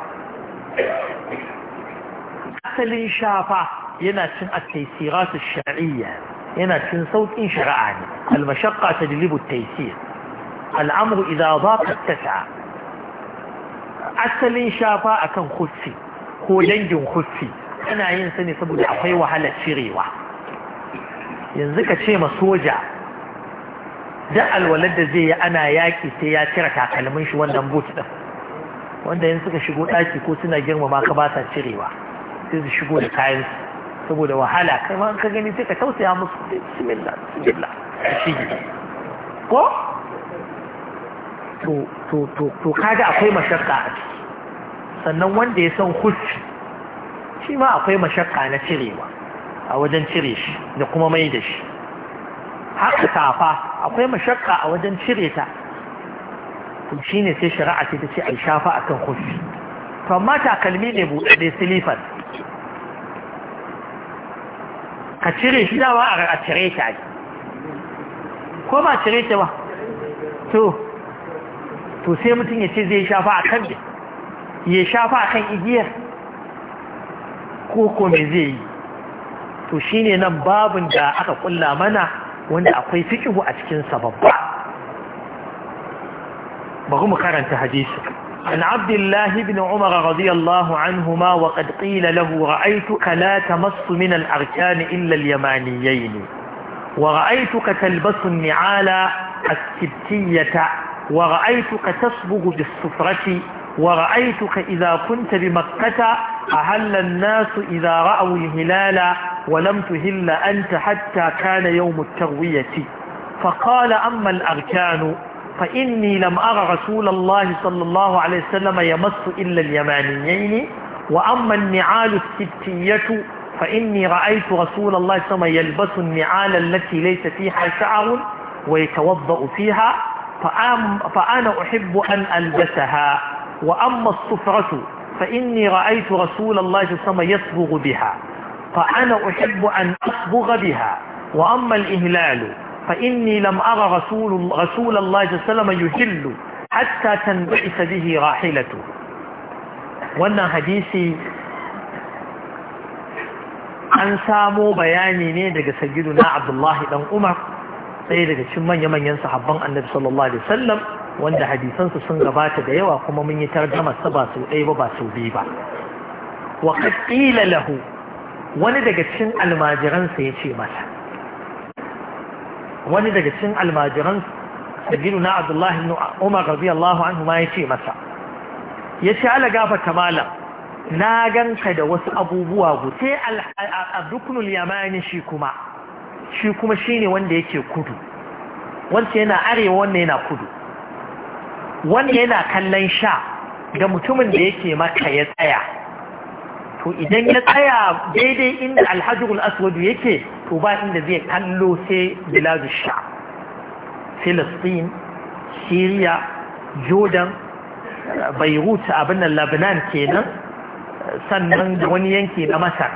asalin shafa yana cin at-taysiratu yana cin saukin shari'a ne al-mashaqqa tajlibu at-taysir al-amru idha tas'a asalin shafa akan kufi ko dangin kufi ana yin sani ne saboda akwai wahalar cirewa yanzu ka ce ma soja da alwalar da zai yi ana yaƙi sai ya cire takalmin shi wannan boot ɗin wanda yanzu suka shigo ɗaki ko suna girmama ka ba sa cirewa sai su shigo da kayan su saboda wahala kai ma ka gani sai ka tausaya musu bismillah bismillah shi ko to to to to kaga akwai mashakka a ciki sannan wanda ya san hussi shi ma akwai mashakka na cirewa a wajen cire shi da kuma mai da shi haka safa akwai mashakka a wajen cire ta to shine sai shari'a ce ta ce ai shafa akan hussi to amma takalmi ne buɗe silifan ka cire shi dawa a cire shi ake ko ba cire shi ba to sai mutum ya ce zai shafa a kan ya shafa a kan igiyar ko ko zai yi to shine nan babin da aka kulla mana wanda akwai fikihu a cikin sababba bari mu karanta hadisi عن عبد الله بن عمر رضي الله عنهما وقد قيل له رأيتك لا تمص من الأركان إلا اليمانيين ورأيتك تلبس النعال السبتية ورأيتك تصبغ بالصفرة ورأيتك إذا كنت بمكة أهل الناس إذا رأوا الهلال ولم تهل أنت حتى كان يوم التروية فقال أما الأركان فإني لم أرى رسول الله صلى الله عليه وسلم يمس إلا اليمانيين وأما النعال الستية فإني رأيت رسول الله صلى الله عليه وسلم يلبس النعال التي ليس فيها شعر ويتوضأ فيها فأنا أحب أن ألبسها وأما الصفرة فإني رأيت رسول الله صلى الله عليه وسلم يصبغ بها فأنا أحب أن أصبغ بها وأما الإهلال فإني لم أرى رسول, رسول الله صلى الله عليه وسلم يهل حتى تنبعث به an samo bayani ne daga na abdullahi dan umar ɗaya daga cikin manya-manyan sahabban annabi sallallahu alaihi wasallam wanda hadisansu sun gabata da yawa kuma mun yi tarjama sa ba sau ɗaya ba ba sau biyu ba wa qila lahu wani daga cikin almajiransa ya ce masa wani daga cikin almajiran sabiru na abdullahi ibn umar radiyallahu anhu ma yace masa yace ala gafata malam na ganka da wasu abubuwa gute al yamani shi kuma shi kuma shine wanda yake kudu wanda yana arewa wanda yana kudu wanda yana kallon sha ga mutumin da yake maka ya tsaya to idan ya tsaya daidai inda alhajjul aswadu yake to ba inda zai kallo sai biladu sha filistin syria jordan beirut abin nan lebanon kenan sannan da wani yanki na masar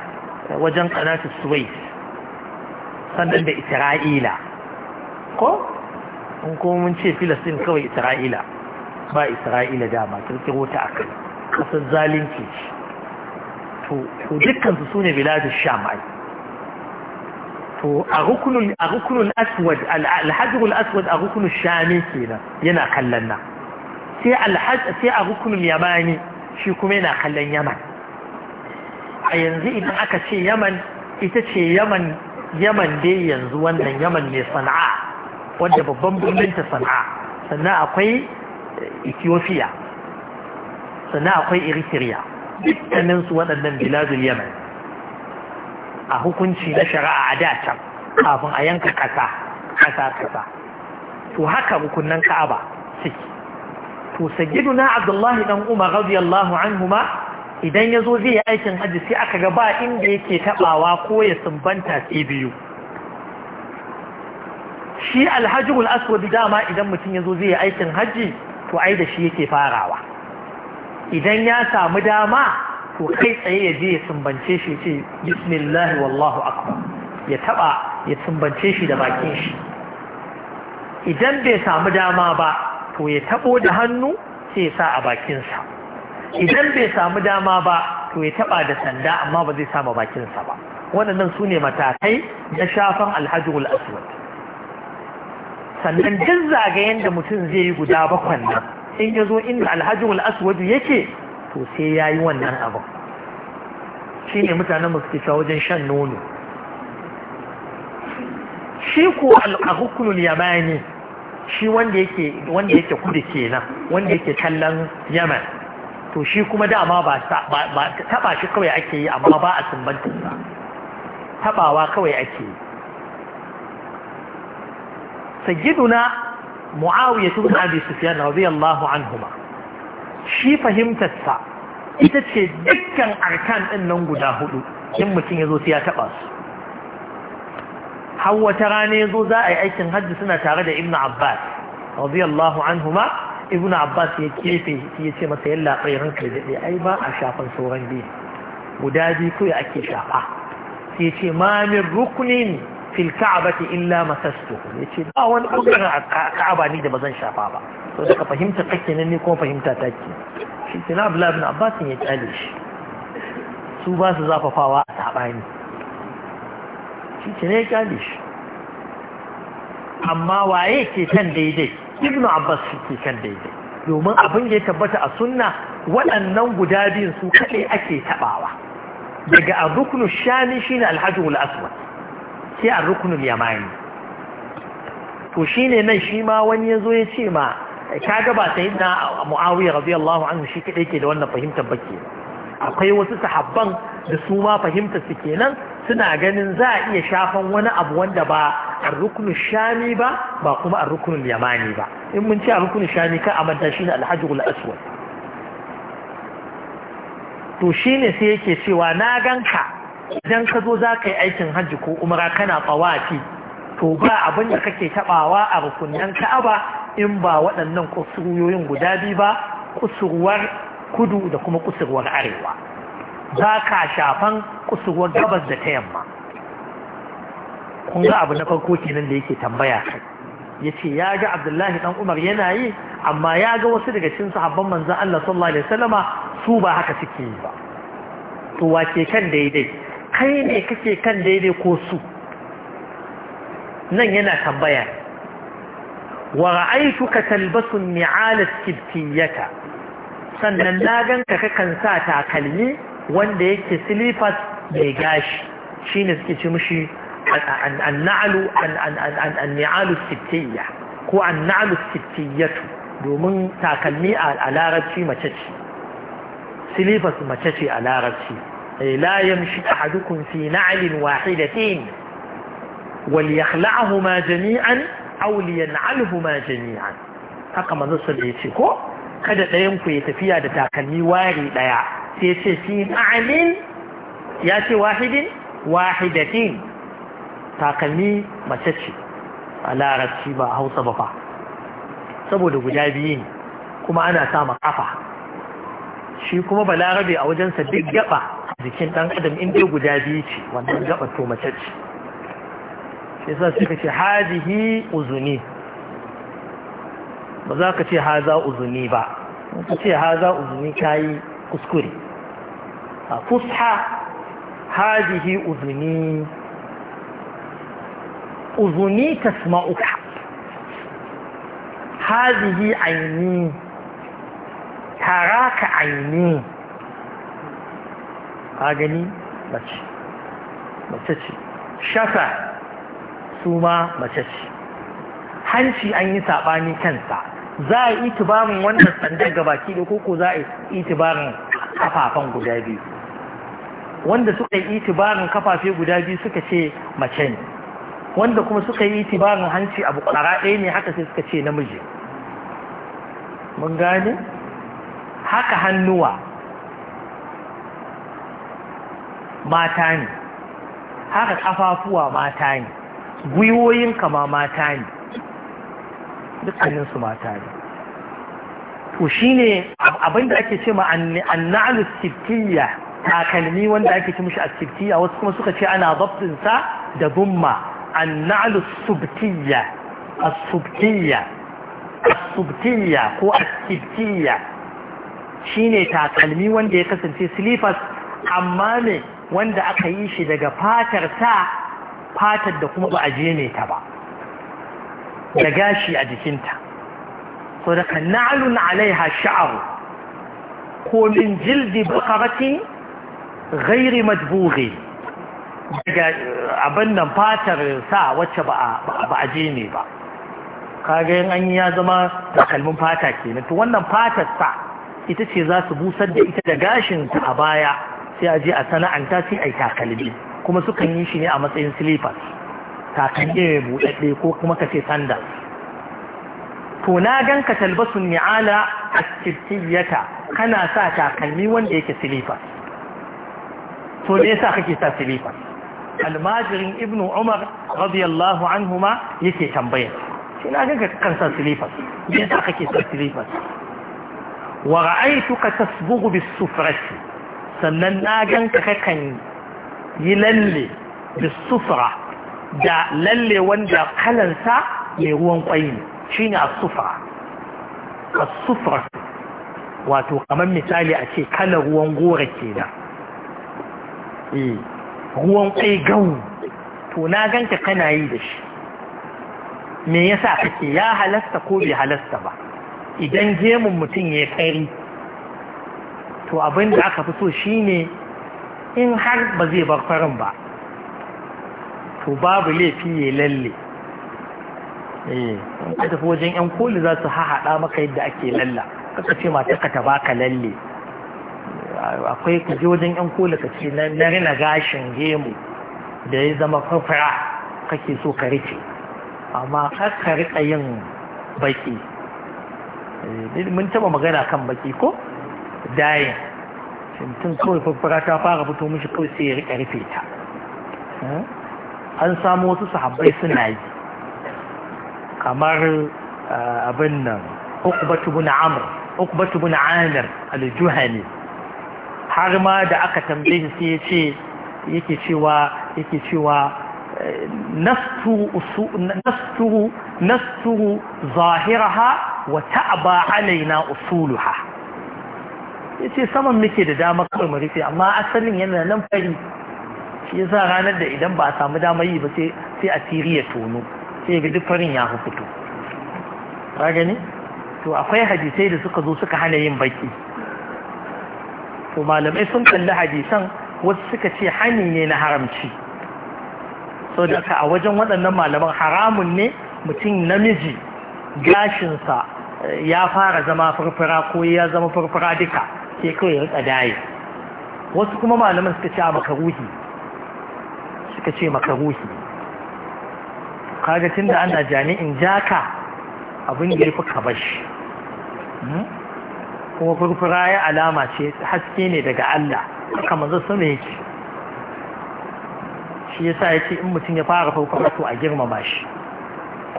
wajen kanatar suwais sannan da isra'ila ko in kuma mun ce filistin kawai isra'ila ba isra'ila dama kirkiro ta aka kasar zalunci to dukkan su ne biladun shamai to a rukunul a rukunul aswad aswad a rukunul shami kenan yana kallon nan sai a rukunin yamani shi kuma yana kallon yaman a yanzu idan aka ce yaman ita ce yaman yaman dai yanzu wannan yaman mai sana'a wadda babban birninta ta sana'a sannan akwai ethiopia sannan akwai eritrea dukkaninsu waɗannan biladun yaman a hukunci na shari'a a can kafin a yanka ƙasa ƙasa ƙasa to haka rukunan ka'aba suke to na abdullahi dan umar radiyallahu anhuma idan ya zo zai yi aikin hajji sai aka ga ba inda yake taɓawa ko ya sumbanta sai biyu shi alhajjul aswadi dama idan mutum ya zo zai yi aikin hajji to ai da shi yake farawa idan ya samu dama to kai tsaye ya je ya sumbance shi ce bismillah wallahu akbar ya taba ya sumbance shi da bakin shi idan bai samu dama ba to ya tabo da hannu sai ya sa a bakinsa idan bai samu dama ba to ya taba da sanda amma ba zai sama bakinsa ba waɗannan su ne matakai na shafan alhajjul aswad sannan duk zagayen da mutum zai yi guda bakwai nan in ya zo inda alhajjul aswad yake to sai ya yi wannan abin shi ne mutanen masu kisa wajen shan nono shi ko al'ahukunul yamani shi wanda yake kudu kenan wanda yake kallon yaman to shi kuma dama ba taba shi kawai ake yi amma ba a sumbantar sa tabawa kawai ake yi sagiduna muawiya abi sufyan radiyallahu anhuma shi fahimtarsa ita ce dukkan arkan ɗin nan guda hudu in mutum ya zo sai ya taɓa su har wata rana ya zo za a yi aikin hajji suna tare da ibn abbas radiyallahu anhuma ibn abbas ya kefe ya ce masa yalla ɓairan kai daɗe ai ba a shafan sauran biyu guda biyu kawai ake shafa sai ce ma min rukunin fil ka'abati illa masastu ya ce ba wani ɓangaren a ka'aba ni da ba zan shafa ba to daga fahimta kake nan ne kuma fahimta ta ke shi tana na abu labin abbasin ya kyale shi su ba su zafafawa a saɓani shi tana ya kyale shi amma waye ke kan daidai ibn abbas shi ke kan daidai domin abin da ya tabbata a sunna waɗannan guda biyun su kaɗai ake taɓawa daga rukunu shani shi Alhaji alhajjul aswad sai rukunu yamani to shi ne nan shi ma wani ya zo ya ce ma kaga ba sai na muawiya radiyallahu anhu shi kadai ke da wannan fahimtar bake akwai wasu sahabban da su ma fahimtar su kenan suna ganin za a iya shafan wani abu wanda ba arrukunu shami ba ba kuma arrukunul yamani ba in mun a arrukunu shami ka amanta shi ne alhajjul aswad to shine sai yake cewa na ganka idan ka zo za ka yi aikin hajji ko umara kana tsawaci. to ba abin da kake tabawa a rukunan ka'aba in ba waɗannan kusurwoyin guda biyu ba kusurwar kudu da kuma kusurwar arewa za ka shafan kusurwar gabas da ta yamma kun ga abu na farko kenan da yake tambaya kai ya ce ya ga abdullahi dan umar yana yi amma ya ga wasu daga cikin sahabban manzan Allah sallallahu alaihi wasallama su ba haka suke yi ba to wace kan daidai kai ne kake kan daidai ko su nan yana tambaya wa ra'aytuka talbasun ni'ala sannan na ganka kakan sa takalmi wanda yake silifas mai gashi shine suke ce mishi annalu annalu sibtiyya ko annalu sibtiyyatu domin takalmi a larabci mace ce silifas mace ce a larabci la yamshi ahadukum fi na'lin wahidatin wal yakhla'ahuma jami'an auliyan alhuma jami'an haka manzo da ya ce ko kada ɗayan ku ya tafiya da takalmi wari ɗaya sai ce fi ma'anin ya ce wahidin wahidatin takalmi mace ce a larabci ba hausa ba fa saboda guda biyu ne kuma ana sama kafa shi kuma balarabe a wajensa duk gaba jikin ɗan adam in guda biyu ce wannan gaba to mace ce yasa suka ce hajihi uzuni ba za ka ce haza uzuni ba ka ce haza uzuni kayi kuskure a fusha hajihi uzuni uzuni tasma'uka hajihi aini tara ka aini a gani mace mace ce shafa su ma mace ce hanci an yi saɓani kansa za a yi itibarin wannan sandar baki da koko za a yi itibarin kafafen guda biyu wanda suka yi itibarin kafafe guda biyu suka ce mace ne wanda kuma suka yi itibarin hanci abu ƙwara ɗaya ne haka sai suka ce namiji mun gane haka hannuwa mata ne haka ƙafafuwa mata ne gwiwoyin kama mata ne dukkaninsu mata ne to shi ne abinda ake ce ma annalus takalmi wanda ake ce mishi a wasu kuma suka ce ana sa da gumma annalus subtiya a subtiya a ko a shine shi takalmi wanda ya kasance silifas amma ne wanda aka yi shi daga fatar ta fatar da kuma ba a jeme ta ba da gashi a jikinta so da kan na'alun alaiha sha'aru ko min jildi bakaratin gairi majbughi daga eh, abin nan fatar sa wacce ba a ne ba kaga yin an ya zama takalmin fata kenan to wannan fatar sa ita ce za su busar da ita da gashin ta a baya sai a je a sana'anta sai a yi takalmi kuma sukan yi shi ne a matsayin silifas takalmi mai buɗaɗɗe ko kuma ka ce sanda to na gan ka talbasun ni'ala a kirtiyyata kana sa takalmi wanda yake silifas to me yasa kake sa silifas almajirin ibnu umar radiyallahu anhuma yake tambaya shi na gan ka kan sa silifas me yasa kake sa silifas wa ra'aytuka tasbughu bis-sufrati sannan na gan ka kakan yi lalle bisufra da lalle wanda kalansa mai ruwan kwai ne shine sufra a sufra wato kamar misali a ce kalar ruwan gora kenan eh ruwan kwai gawu to na ganka kana yi da shi me yasa kake ya halasta ko bai halasta ba idan gemun mutum ya kari to abin da aka fi so shine in har ba zai bar farin ba to babu laifi ya lalle eh ka tafi wajen yan koli za su hahaɗa maka yadda ake lalla kaka ce mata ka ta baka lalle akwai ku je wajen yan koli ka ce na rina gashin gemu da ya zama fafara kake so ka rike amma har ka rika yin baki eh, mun taba magana kan baki ko dayin mutum kawai ta fara fito mishi kawai sai ya riƙa rufe ta eh? an samu wasu sahabbai suna yi kamar eh, abin nan ukbatu bin har ma da aka tambaye shi sai ce yake cewa yake cewa eh, nasturu zahiraha wa ta'aba alaina usuluha ya ce saman muke da dama kawai mu rufe amma asalin yana nan fari shi yasa ranar da idan ba a samu dama yi ba sai a tiri ya tono sai ga duk farin ya fito ka gani to akwai hadisai da suka zo suka hana yin baki to malamai sun kalli hadisan wasu suka ce hani ne na haramci so da a wajen waɗannan malaman haramun ne mutum namiji gashinsa eh, ya fara zama furfura ko ya zama furfura duka sai kawai ya rika daye wasu kuma malaman suka ce a makaruhi suka ce makaruhi kaga tunda ana jami'in jaka abin da ya fi kabashi hmm? kuma furfura ya alama ce haske ne daga Allah haka manzo sama yake shi yasa ya ce in mutum ya fara farko to a girmama shi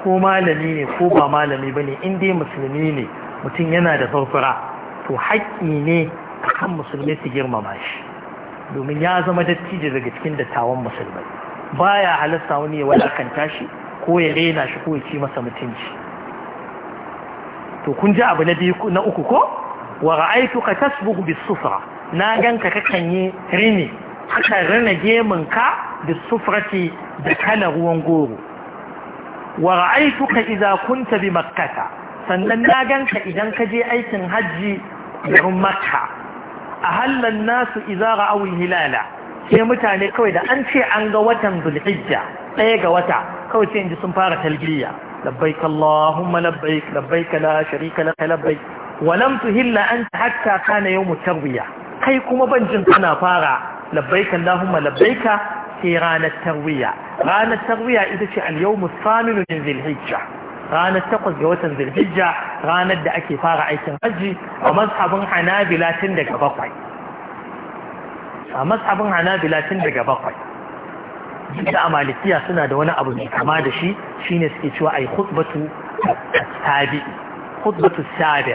ko malami ne ko ba malami bane in dai musulmi ne mutum yana da furfura to haƙƙi ne kan musulmai su girmama shi domin ya zama dattijo daga cikin dattawan musulmai baya halasta wani ya wadakanta shi ko ya rena shi ko ya ci masa mutunci to kun ji abu na biyu na uku ko wa ka tasbughu bis-sufra na ganka kakan yi rini haka rina gemin ka bis-sufrati da kana ruwan goro wa ka idza kunta bi makkata sannan na ganka idan ka je aikin hajji garin makka a hallan nasu izara awul hilala sai mutane kawai da an ce an ga watan zulhijja ɗaya ga wata kawai sai inji sun fara talbiya labbaik allahumma labbaik labbaik la sharika laka labbaik wa lam an ta hatta kana yawmu mutarwiya kai kuma ban jin kana fara labbaik allahumma ka sai ranar tarwiya ranar tarwiya ita ce al-yawmu thaminu min zulhijja ranar takwas ga watan zulhijja ranar da ake fara aikin hajji a mazhabin hanabila tun daga bakwai a mazhabin hanabila tun daga bakwai da amalikiya suna da wani abu mai kama da shi shine suke cewa ai khutbatu tabi khutbatu sabi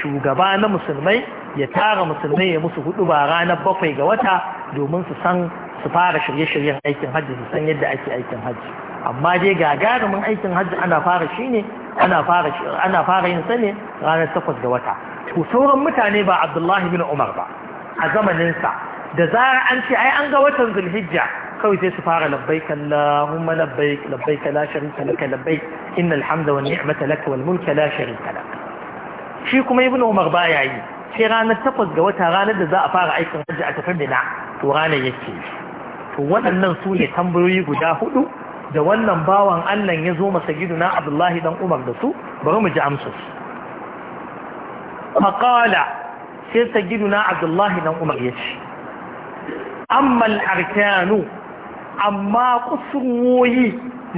shugaba na musulmai ya tara musulmai ya musu hudu ba ranar bakwai ga wata domin su san su fara shirye-shiryen aikin hajji su san yadda ake aikin hajji amma dai gagarumin aikin hajji ana fara shi ne ana fara yin sa ne ranar takwas ga wata to sauran mutane ba abdullahi bin umar ba a zamaninsa da zara an ce ai an ga watan zulhijja kawai sai su fara labbaik allahumma labbaik labbaik la sharika laka labbaik innal hamda wani ni'mata laka wal mulka la sharika shi kuma ibnu umar ba yi sai ranar takwas ga wata ranar da za a fara aikin hajji a tafi mina to ranar yake to waɗannan su ne tambayoyi guda hudu da wannan bawan Allah ya zo masa giduna Abdullahi dan Umar da su bari mu ji amsar faqala sai sayyiduna Abdullahi dan Umar ya ce amma arkanu amma kusurwoyi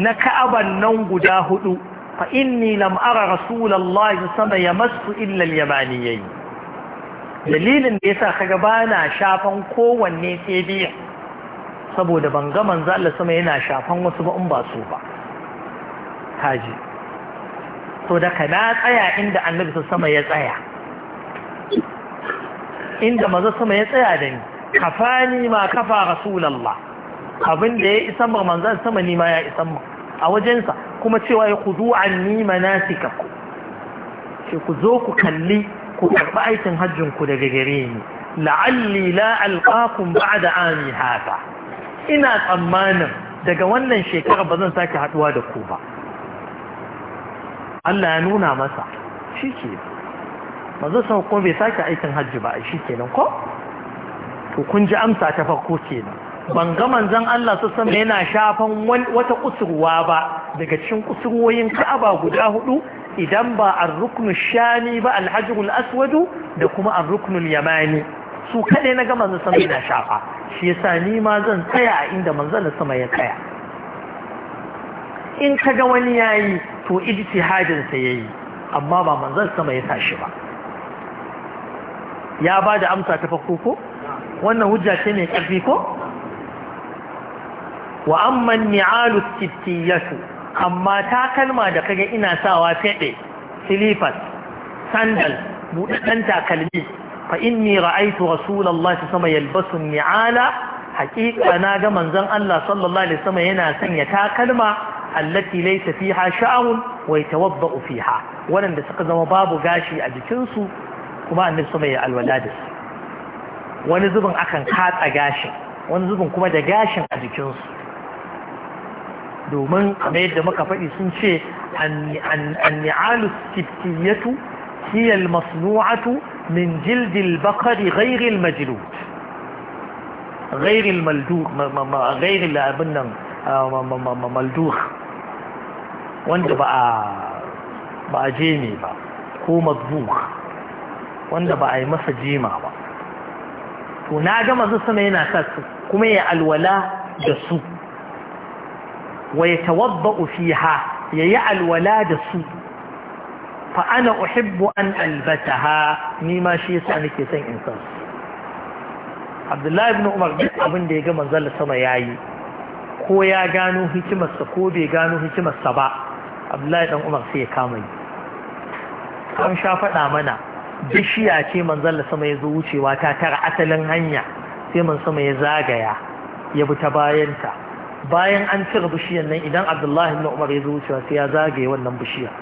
na Ka'aban nan guda hudu fa inni lam ara rasulullahi sallallahu alaihi wasallam illa dalilin da yasa kaga bana shafan kowanne sai saboda ban ga manzo Allah sama yana shafan wasu ba in ba su ba Haji. to da kana tsaya inda annabi sama ya tsaya inda manzo sama ya tsaya da ni kafani ma kafa rasulullah Abinda ya isan ba manzo sama ni ma ya isan ma a wajensa kuma cewa ya kudu anni manasikakum ce ku zo ku kalli ku karɓi aikin hajjinku daga gare ni la'alli la alqakum ba'da ami hada ina tsammanin daga wannan shekara ba zan sake haduwa da ku ba Allah ya nuna masa shi ke zan sau kuma bai sake aikin hajji ba shi kenan ko to kun ji amsa ta farko kenan ban ga manzon Allah su sama yana shafan wata kusurwa ba daga cikin kusurwoyin Ka'aba guda hudu idan ba ar-ruknu shani ba al aswadu da kuma ar-ruknul yamani su kade na ga manzon sama yana shafa shi yasa ni ma zan tsaya a inda manzon sama ya tsaya in ga wani yayi to ijtihadin sa yayi amma ba manzon sama ya tashi ba ya ba da amsa ta farko ko wannan hujja ce mai karfi ko wa amma ni'alu sittiyatu amma ta kalma da kage ina sawa fede silifas sandal buɗaɗɗen takalmi fa inni ra'aytu rasulullahi sama yalbasu ni'ala haqiqa na ga manzon Allah sallallahu alaihi wasallam yana sanya takalma allati laysa fiha sha'run wa yatawadda'u fiha wanda suka zama babu gashi a jikin su kuma annabi sama ya alwala da su wani zubin akan katsa gashin wani zubin kuma da gashin a jikin domin kamar yadda muka faɗi sun ce an ni'alu masnuatu من جلد البقر غير المجلود غير الملدوخ غير الابن ملدوخ wanda ba a jeme ba ko mazbuk wanda ba a yi masa jema ba to na ga masu sama yana sa kuma ya alwala da su wa tawabba fiha ya yi alwala da su fa ana uhibbu an albataha ni ma shi yasa nake son in san Abdullahi ibn Umar duk abin da ya ga manzon sama yayi ko ya gano sa ko bai gano hikimarsa ba Abdullahi dan Umar sai ya kama ni an sha faɗa mana bishiya ce manzon sama ya zo wucewa ta tara asalin hanya sai man sama ya zagaya ya bi ta bayanta bayan an cire bishiyar nan idan Abdullahi ibn Umar ya zo wucewa sai ya zagaye wannan bishiyar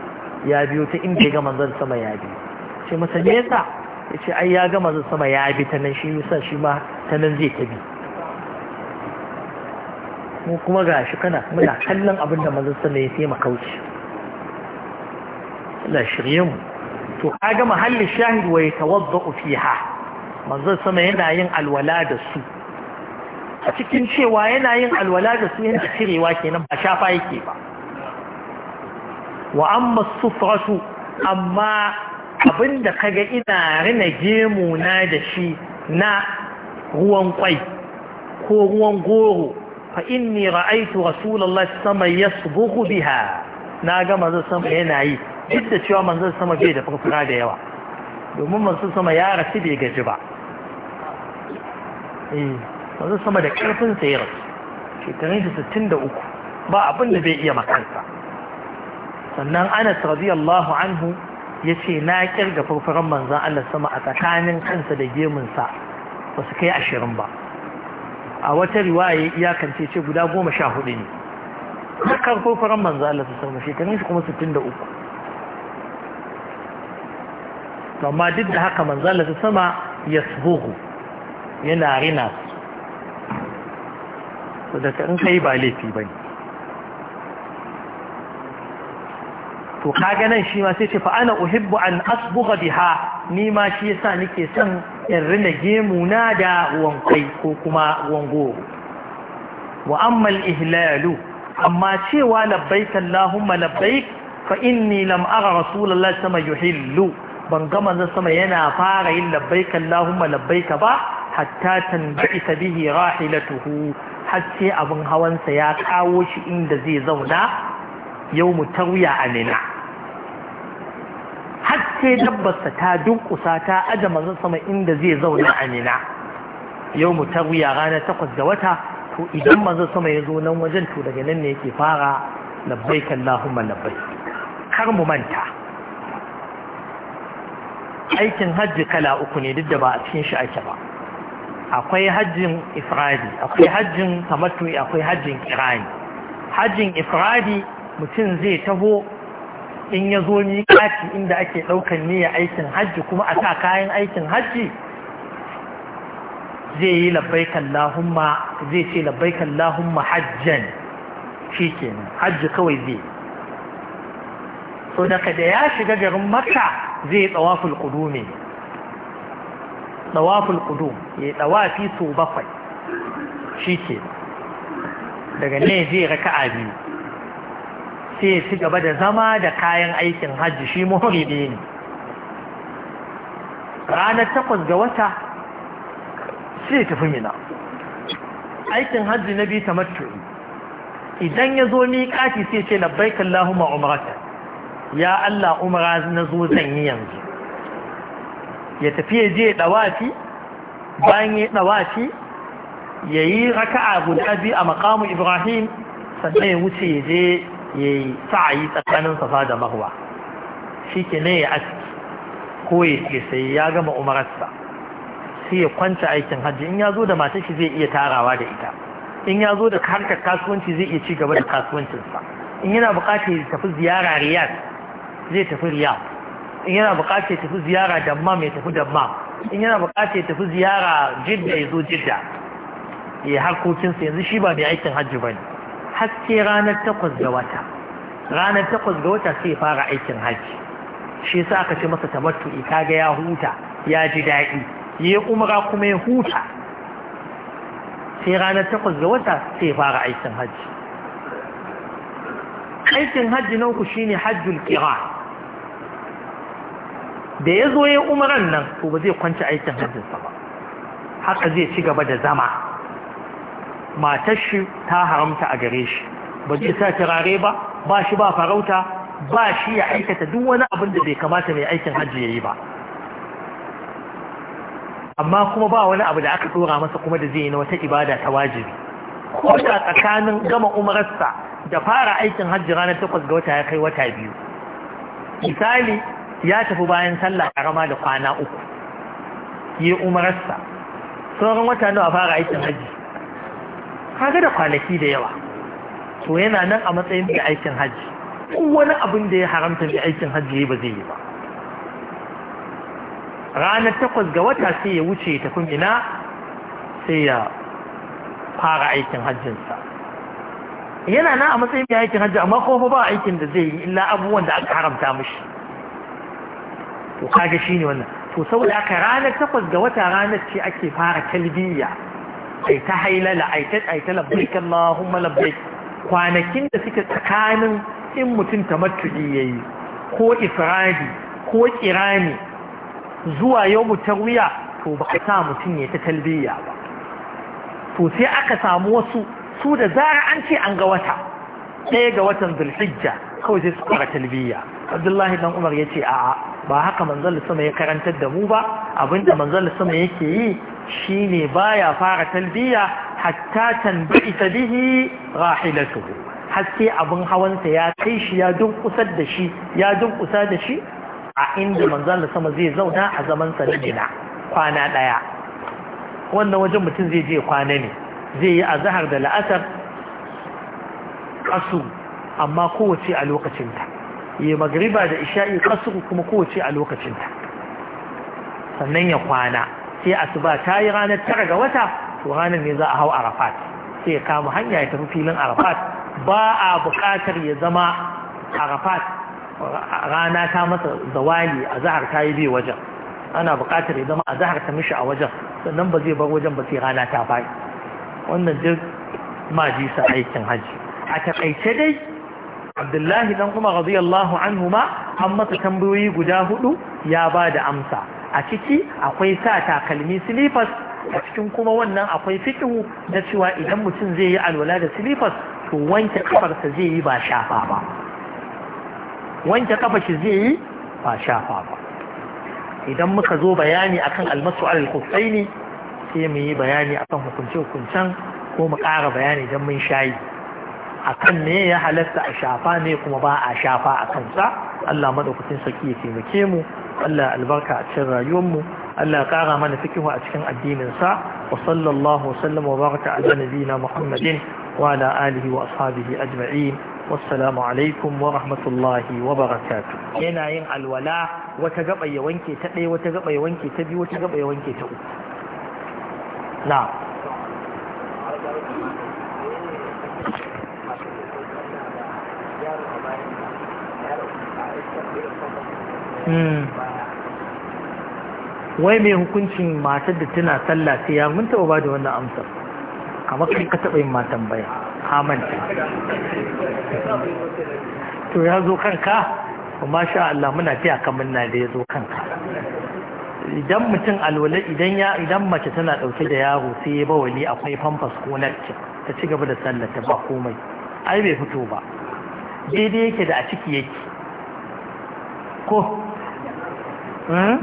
ya biyo ta inda ya ga manzon sama ya bi ce masa me yasa yace ai ya ga manzon sama ya bi ta nan shi yasa shi ma ta nan zai ta bi mu kuma ga shi? kana muna kallon abin da manzon sama ya sai makauci Allah shirye mu to kaga mahallin shahid wa yatawadda fiha manzon sama yana yin alwala da su a cikin cewa yana yin alwala da su yana cirewa kenan ba shafa yake ba wa amma sutratu amma abinda kaga ina rina gemu na da shi na ruwan kwai ko ruwan goro fa inni ra'aitu rasulullahi sama yasbughu biha na ga manzo sama yana yi duk da cewa manzo sama bai da furfura da yawa domin manzo sama ya rasu bai gaji ba eh manzo sama da karfin sa ya rasu shekarun 63 ba abin da bai iya makansa sannan anas radiyallahu anhu ya ce na kirga farfaran manzan Allah sama a tsakanin kansa da gemunsa ba su kai ashirin ba a wata riwaya iyakance ce guda goma sha hudu ne kan farfaran manzan Allah su sama shekarun shi kuma sittin da uku amma duk da haka manzan Allah su sama ya suhu yana rina su da in kai ba laifi ba ne to kaga nan shi ma sai ce fa ana uhibbu an asbugha biha ni ma shi yasa nake son in rina gemu na da wankai ko kuma ruwan goro wa amma al-ihlalu amma cewa labbaik allahumma labbaik fa inni lam ara rasulullahi sama yuhillu ban ga manzon sama yana fara yin labbaik allahumma labbaik ba hatta tanba'isa bihi rahilatuhu har sai abin hawansa ya kawo shi inda zai zauna yau mu tarwiya a mina sai dabbarsa ta dunkusa ta aje manzon sama inda zai zauna a mina yau mu tarwiya ranar takwas ga wata to idan manzon sama ya zo nan wajen to daga nan ne yake fara labbaik Allahumma labbaik kar mu manta aikin hajji kala uku ne duk da ba a cikin shi ake ba akwai hajjin ifradi akwai hajjin tamattu'i akwai hajjin kirani hajjin ifradi mutum zai taho in ya zo miƙaci inda ake ɗaukar niyyar aikin hajji kuma a sa kayan aikin hajji zai yi labbaikan lahumma zai ce labbaikan lahumma hajjan shi kenan hajji kawai zai so daga da ya shiga garin maka zai tsawaful kudumi tsawaful kudum ya tsawafi so bakwai shi kenan daga ne zai raka'a biyu ce ya ci gaba da zama da kayan aikin hajji shi muhrimi ne ranar takwas ga wata sai tafi mina aikin hajji na biyu ta idan ya zo ni miƙati sai ce labbaikan lahuma umarata ya Allah umara na zo zan yi yanzu ya tafi ya je ɗawafi bayan ya ɗawafi ya yi raka'a guda biyu a makamu ibrahim sannan ya wuce ya je ya yi sa'ayi tsakanin safa da marwa shi ke ne ya aski ko ya ke sai ya gama umararsa sai ya kwanta aikin hajji in ya zo da mata shi zai iya tarawa da ita in ya zo da harkar kasuwanci zai iya ci gaba da kasuwancinsa in yana bukatar ya tafi ziyara riyad zai tafi riyad in yana bukatar ya tafi ziyara damma mai tafi damma in yana bukatar ya tafi ziyara jidda ya zo jidda ya harkokinsa yanzu shi ba mai aikin hajji ba ne haske ranar takwas ga wata ranar takwas ga wata sai fara aikin hajji shi sa aka ce masa tamattu'i ga ya huta ya ji daɗi ya umra kuma ya huta sai ranar takwas ga wata sai fara aikin hajji aikin hajji na shine hajjul kira da ya zo ya umaran nan to ba zai kwanci aikin hajjinsa ba haka zai ci gaba da zama matar shi ta haramta a gare shi ba zai sa turare ba ba shi ba farauta ba shi ya aikata duk wani abin da bai kamata mai aikin hajji ya yi ba amma kuma ba wani abu da aka dora masa kuma da zai yi na wata ibada ta wajibi ko da tsakanin gama umararsa da fara aikin hajji ranar takwas ga wata ya kai wata biyu misali ya tafi bayan sallah karama da kwana uku yi umararsa sauran wata nawa fara aikin hajji kaga da kwanaki da yawa to yana nan a matsayin mai aikin hajji wani abin da ya haramta mai aikin hajji ba zai yi ba ranar takwas ga wata sai ya wuce ta kun ina sai ya fara aikin hajjinsa yana nan a matsayin mai aikin hajji amma kuma ba aikin da zai yi illa abubuwan da aka haramta mishi to kaga shine wannan to saboda haka ranar takwas ga wata ranar ce ake fara talbiya ai ta hailala ai ta ai ta labbaik Allahumma labbaik kwanakin da suke tsakanin in mutum ya yayi ko ifradi ko kirani zuwa yawmu wuya to ba a sa mutum ya ta talbiya ba to sai aka samu wasu su da zara an ce an ga wata ɗaya ga watan zulhijja kawai sai su fara talbiya abdullahi dan umar ya ce a'a ba haka manzal sama ya karantar da mu ba abinda manzal sama yake yi shine baya fara talbiya hatta tanbita bihi rahilatuhu haske abin hawansa ya kai shi ya dunkusar da shi ya dunkusa da shi a inda manzon da sama zai zauna a zaman sa na kwana daya wannan wajen mutum zai je kwana ne zai yi azhar da la'asar asu amma kowace a lokacinta yi magriba da isha'i kasu kuma kowace a lokacinta sannan ya kwana sai asuba ta yi ranar tara ga wata to ranar ne za a hau arafat sai ya kama hanya ya tafi filin arafat ba a buƙatar ya zama arafat rana ta masa zawali a zahar ta yi bai wajen ana buƙatar ya zama a zahar ta mishi a wajen sannan ba zai bar wajen ba sai rana ta bai wannan duk majisa aikin hajji a taƙaice dai abdullahi dan kuma radiyallahu anhu ma an masa tambayoyi guda hudu ya ba da amsa a ciki akwai sa takalmi silifas a cikin kuma wannan akwai fitihu na cewa idan mutum zai yi alwala da silifas to wanke kafarsa zai yi ba shafa ba wanke kafa zai yi ba shafa ba idan muka zo bayani akan almasu alal sai mu yi bayani akan hukunce hukuncen ko mu ƙara bayani idan mun shayi akan ne ya halatta a shafa ne kuma ba a shafa a kansa Allah madaukakin sarki ya taimake mu Allah albarka a cikin rayuwar mu Allah ya kara mana fikihu a cikin addinin sa wa sallallahu wa sallam wa baraka ala nabiyina Muhammadin wa ala alihi wa ashabihi ajma'in wassalamu alaikum wa rahmatullahi wa barakatuh yana yin alwala wata gaba ya wanke ta ɗaya wata gaba ya wanke ta biyu wata gaba ya wanke ta uku na'am Hmm. wai mai hukuncin matar da tana sallah sai ya mun taɓa ba da wannan amsar A kai ka taɓa yin matan baya hamanta to ya zo kanka amma sha Allah muna fiya kamar na da ya zo kanka idan mutum alwala idan ya idan mace tana dauke da yaro sai ya bawali akwai famfas ko nacce ta ci gaba da ta ba komai ai bai fito ba daidai yake da a ciki yake ko ne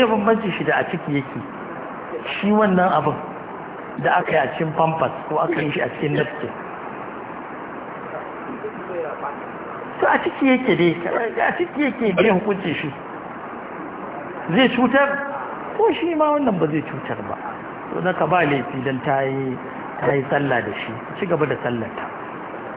hmm? bambanci shi da a ciki yake shi wannan abin da aka yi a cikin pampas ko aka yi shi a cikin nafke to a ciki yake dai a ciki yake bai hukunci shi zai cutar ko shi ma wannan ba zai cutar ba to naka ba laifi don ta yi ta yi tsalla da shi ci gaba da tsallata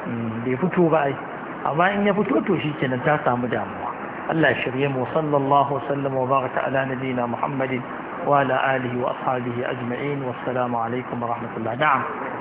hmm, bai fito ba ai amma in ya fito to shi kenan ta samu damuwa Allah shirye mu sallallahu wasallam wa baraka ala nabiyina Muhammadin wa ala alihi wa ashabihi ajma'in wassalamu alaikum wa rahmatullah na'am